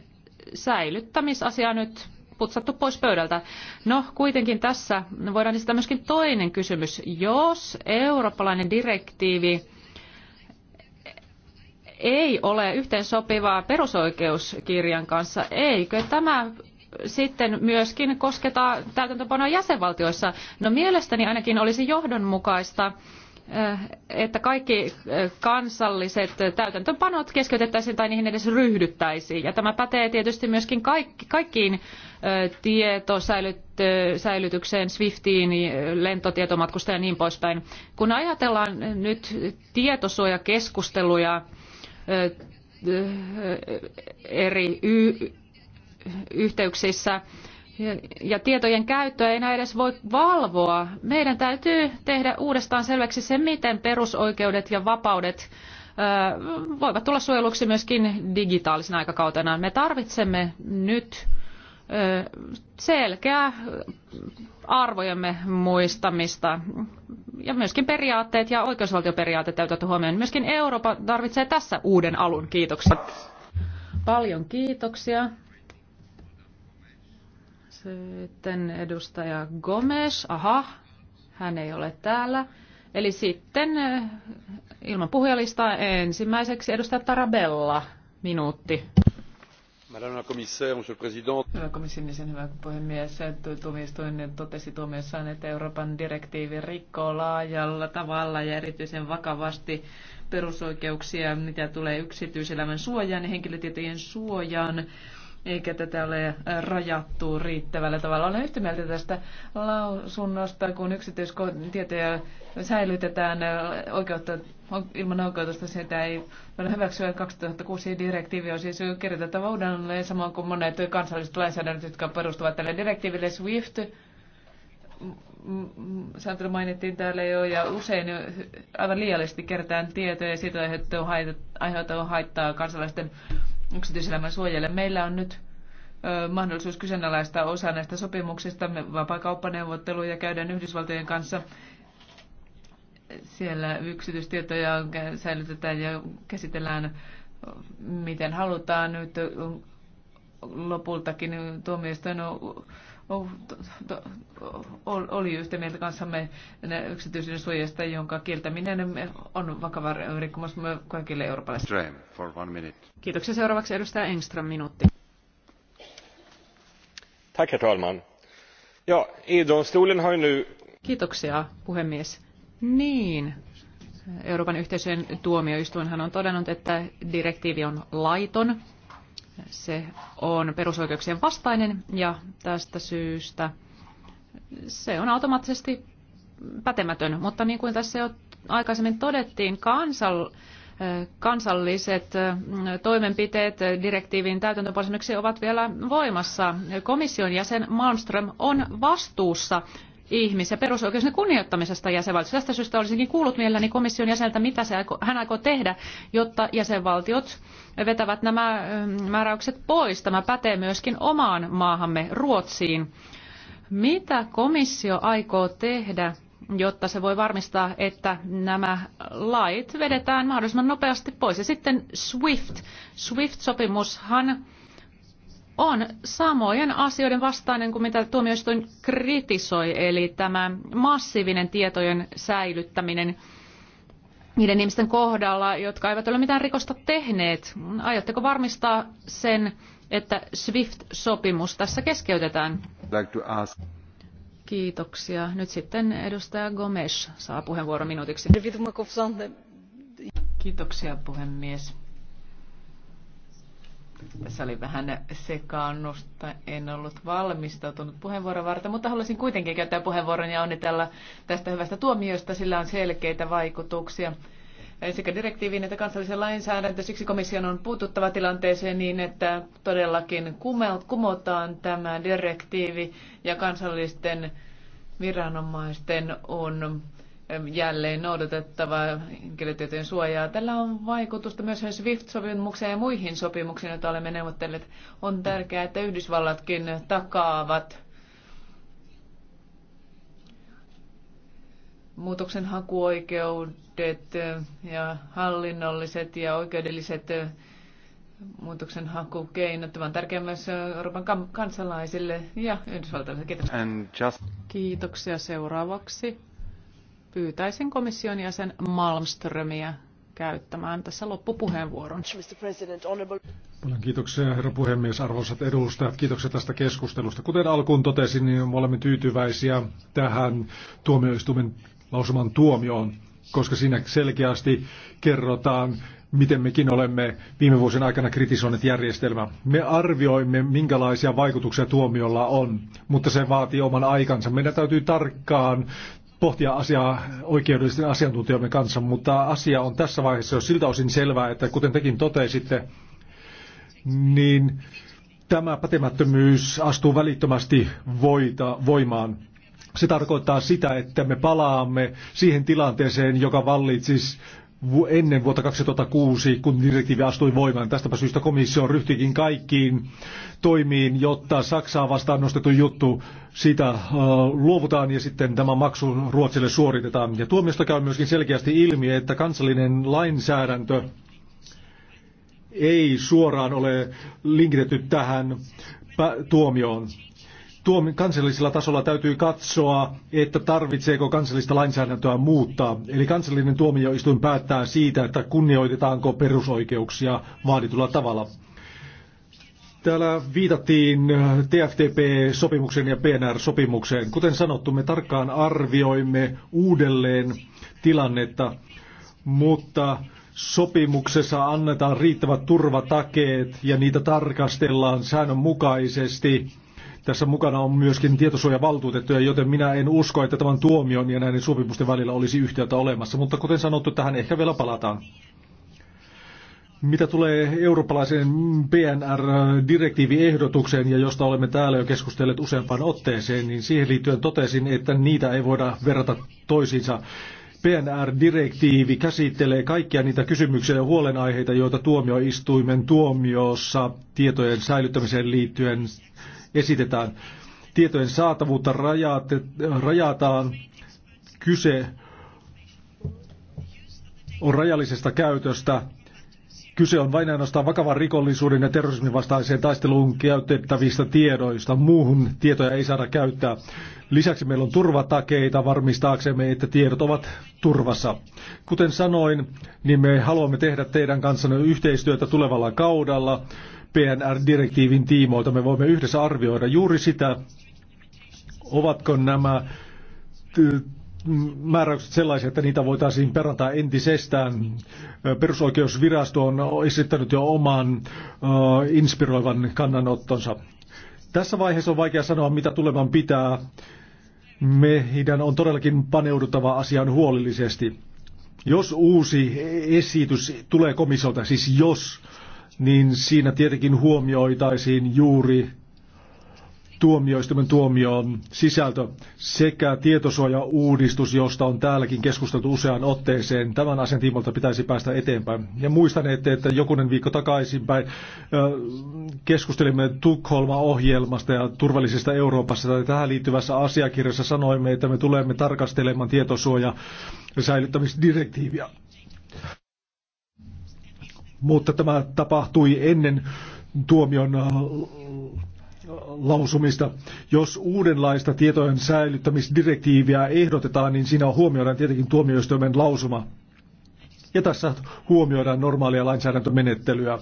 säilyttämisasia nyt putsattu pois pöydältä. No kuitenkin tässä voidaan esittää myöskin toinen kysymys. Jos eurooppalainen direktiivi ei ole yhteensopivaa perusoikeuskirjan kanssa, eikö tämä sitten myöskin kosketa täytäntöpanoa jäsenvaltioissa. No mielestäni ainakin olisi johdonmukaista, eh, että kaikki eh, kansalliset täytäntöpanot keskeytettäisiin tai niihin edes ryhdyttäisiin. Ja tämä pätee tietysti myöskin kaikki, kaikkiin eh, tietosäilytykseen, Swiftiin, lentotietomatkusta ja niin poispäin. Kun ajatellaan nyt tietosuojakeskusteluja eri yhteyksissä. Ja tietojen käyttöä ei enää edes voi valvoa. Meidän täytyy tehdä uudestaan selväksi se, miten perusoikeudet ja vapaudet voivat tulla suojeluksi myöskin digitaalisena aikakautena. Me tarvitsemme nyt selkeää arvojemme muistamista ja myöskin periaatteet ja oikeusvaltioperiaatteet täytyy ottaa huomioon. Myöskin Eurooppa tarvitsee tässä uuden alun. Kiitoksia. Paljon kiitoksia. Sitten edustaja Gomes. Aha, hän ei ole täällä. Eli sitten eh, ilman puhujalistaa ensimmäiseksi edustaja Tarabella, minuutti. Madame la commissaire, monsieur le président. Hyvä komission jäsen, hyvä puhemies. Tuomioistuin totesi tuomiossaan, että Euroopan direktiivi rikkoo laajalla tavalla ja erityisen vakavasti perusoikeuksia, mitä tulee yksityiselämän suojaan ja henkilötietojen suojaan eikä tätä ole rajattu riittävällä tavalla. Olen yhtä mieltä tästä lausunnosta, kun yksityistietoja säilytetään oikeutta, ilman oikeutusta, sitä ei ole hyväksyä 2006 direktiivi on siis kirjoitettava uudelleen, samoin kuin monet kansalliset lainsäädännöt, jotka perustuvat tälle direktiiville SWIFT, Sääntely mainittiin täällä jo, ja usein aivan liiallisesti kerätään tietoja ja siitä aiheutuu haittaa kansalaisten yksityiselämän suojalle. Meillä on nyt mahdollisuus kyseenalaista osa näistä sopimuksista, vapaakauppaneuvotteluja käydään Yhdysvaltojen kanssa. Siellä yksityistietoja säilytetään ja käsitellään miten halutaan nyt lopultakin tuomioistuin Oh, oli yhtä mieltä kanssamme yksityisyyden suojasta, jonka kieltäminen on vakava rikkomus kaikille eurooppalaisille. Kiitoksia. Seuraavaksi edustaja Engström, minuutti. Tack, herr talman. Ja, EU-domstolen har nu... Kiitoksia, puhemies. Niin, Euroopan yhteisöjen tuomioistuinhan on todennut, että direktiivi on laiton se on perusoikeuksien vastainen ja tästä syystä se on automaattisesti pätemätön. Mutta niin kuin tässä jo aikaisemmin todettiin, kansal, kansalliset toimenpiteet direktiivin täytäntöönpanemiseksi ovat vielä voimassa. Komission jäsen Malmström on vastuussa ihmis- ja perusoikeuksien kunnioittamisesta jäsenvaltiossa. Tästä syystä olisinkin kuullut mielelläni komission jäseneltä, mitä se aiko, hän aikoo tehdä, jotta jäsenvaltiot vetävät nämä ähm, määräykset pois. Tämä pätee myöskin omaan maahamme, Ruotsiin. Mitä komissio aikoo tehdä, jotta se voi varmistaa, että nämä lait vedetään mahdollisimman nopeasti pois? Ja sitten SWIFT. SWIFT-sopimushan on samojen asioiden vastainen kuin mitä tuomioistuin kritisoi, eli tämä massiivinen tietojen säilyttäminen niiden ihmisten kohdalla, jotka eivät ole mitään rikosta tehneet. Aiotteko varmistaa sen, että SWIFT-sopimus tässä keskeytetään? Kiitoksia. Nyt sitten edustaja Gomes saa puheenvuoron minuutiksi. Kiitoksia puhemies. Tässä oli vähän sekaannusta. En ollut valmistautunut puheenvuoron varten, mutta haluaisin kuitenkin käyttää puheenvuoron ja onnitella tästä hyvästä tuomioista Sillä on selkeitä vaikutuksia sekä direktiiviin että kansallisen lainsäädäntö. Siksi komission on puututtava tilanteeseen niin, että todellakin kumotaan tämä direktiivi ja kansallisten viranomaisten on jälleen noudatettava henkilötietojen suojaa. Tällä on vaikutusta myös SWIFT-sopimukseen ja muihin sopimuksiin, joita olemme neuvotelleet. On tärkeää, että Yhdysvallatkin takaavat muutoksen hakuoikeudet ja hallinnolliset ja oikeudelliset muutoksen hakukeinot. Tämä on tärkeää myös Euroopan kansalaisille ja Yhdysvaltalaisille. Kiitos. Just... Kiitoksia seuraavaksi pyytäisin komission jäsen Malmströmiä käyttämään tässä loppupuheenvuoron. Paljon kiitoksia herra puhemies, arvoisat edustajat. Kiitoksia tästä keskustelusta. Kuten alkuun totesin, niin me olemme tyytyväisiä tähän tuomioistuimen lausuman tuomioon, koska siinä selkeästi kerrotaan, miten mekin olemme viime vuosien aikana kritisoineet järjestelmää. Me arvioimme, minkälaisia vaikutuksia tuomiolla on, mutta se vaatii oman aikansa. Meidän täytyy tarkkaan pohtia asiaa oikeudellisten asiantuntijoiden kanssa, mutta asia on tässä vaiheessa jo siltä osin selvää, että kuten tekin totesitte, niin tämä pätemättömyys astuu välittömästi voita, voimaan. Se tarkoittaa sitä, että me palaamme siihen tilanteeseen, joka vallitsisi ennen vuotta 2006, kun direktiivi astui voimaan. Tästäpä syystä komissio ryhtyikin kaikkiin toimiin, jotta Saksaa vastaan nostettu juttu, sitä äh, luovutaan ja sitten tämä maksu Ruotsille suoritetaan. Ja tuomiosta käy myöskin selkeästi ilmi, että kansallinen lainsäädäntö ei suoraan ole linkitetty tähän tuomioon tuomi, kansallisella tasolla täytyy katsoa, että tarvitseeko kansallista lainsäädäntöä muuttaa. Eli kansallinen tuomioistuin päättää siitä, että kunnioitetaanko perusoikeuksia vaaditulla tavalla. Täällä viitattiin TFTP-sopimukseen ja PNR-sopimukseen. Kuten sanottu, me tarkkaan arvioimme uudelleen tilannetta, mutta sopimuksessa annetaan riittävät turvatakeet ja niitä tarkastellaan säännönmukaisesti tässä mukana on myöskin tietosuojavaltuutettuja, joten minä en usko, että tämän tuomion ja näiden sopimusten välillä olisi yhteyttä olemassa, mutta kuten sanottu, tähän ehkä vielä palataan. Mitä tulee eurooppalaiseen PNR-direktiiviehdotukseen, ja josta olemme täällä jo keskustelleet useampaan otteeseen, niin siihen liittyen totesin, että niitä ei voida verrata toisiinsa. PNR-direktiivi käsittelee kaikkia niitä kysymyksiä ja huolenaiheita, joita tuomioistuimen tuomiossa tietojen säilyttämiseen liittyen esitetään. Tietojen saatavuutta rajataan. Kyse on rajallisesta käytöstä. Kyse on vain ainoastaan vakavan rikollisuuden ja terrorismin vastaiseen taisteluun käytettävistä tiedoista. Muuhun tietoja ei saada käyttää. Lisäksi meillä on turvatakeita varmistaaksemme, että tiedot ovat turvassa. Kuten sanoin, niin me haluamme tehdä teidän kanssanne yhteistyötä tulevalla kaudella PNR-direktiivin tiimoilta me voimme yhdessä arvioida juuri sitä, ovatko nämä määräykset sellaisia, että niitä voitaisiin perata entisestään. Perusoikeusvirasto on esittänyt jo oman inspiroivan kannanottonsa. Tässä vaiheessa on vaikea sanoa, mitä tulevan pitää. Meidän on todellakin paneuduttava asiaan huolellisesti. Jos uusi esitys tulee komissiolta, siis jos niin siinä tietenkin huomioitaisiin juuri tuomioistuimen tuomion sisältö sekä tietosuojauudistus, josta on täälläkin keskusteltu useaan otteeseen. Tämän asian tiimolta pitäisi päästä eteenpäin. Ja muistan, että, että jokunen viikko takaisinpäin keskustelimme Tukholman ohjelmasta ja turvallisesta Euroopasta. tähän liittyvässä asiakirjassa sanoimme, että me tulemme tarkastelemaan tietosuoja säilyttämisdirektiiviä mutta tämä tapahtui ennen tuomion äh, lausumista. Jos uudenlaista tietojen säilyttämisdirektiiviä ehdotetaan, niin siinä huomioidaan tietenkin tuomioistuimen lausuma. Ja tässä huomioidaan normaalia lainsäädäntömenettelyä,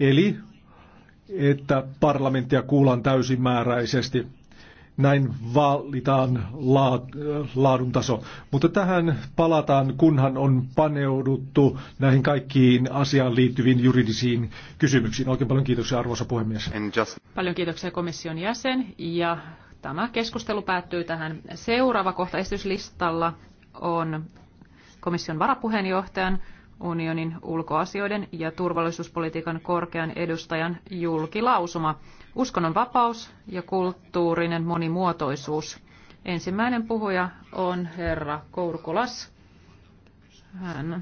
eli että parlamenttia kuullaan täysimääräisesti näin vaalitaan laadun taso. Mutta tähän palataan, kunhan on paneuduttu näihin kaikkiin asiaan liittyviin juridisiin kysymyksiin. Oikein paljon kiitoksia arvoisa puhemies. Just... Paljon kiitoksia komission jäsen ja tämä keskustelu päättyy tähän. Seuraava kohta esityslistalla on komission varapuheenjohtajan unionin ulkoasioiden ja turvallisuuspolitiikan korkean edustajan julkilausuma. Uskonnon vapaus ja kulttuurinen monimuotoisuus. Ensimmäinen puhuja on herra Kourkulas. Hän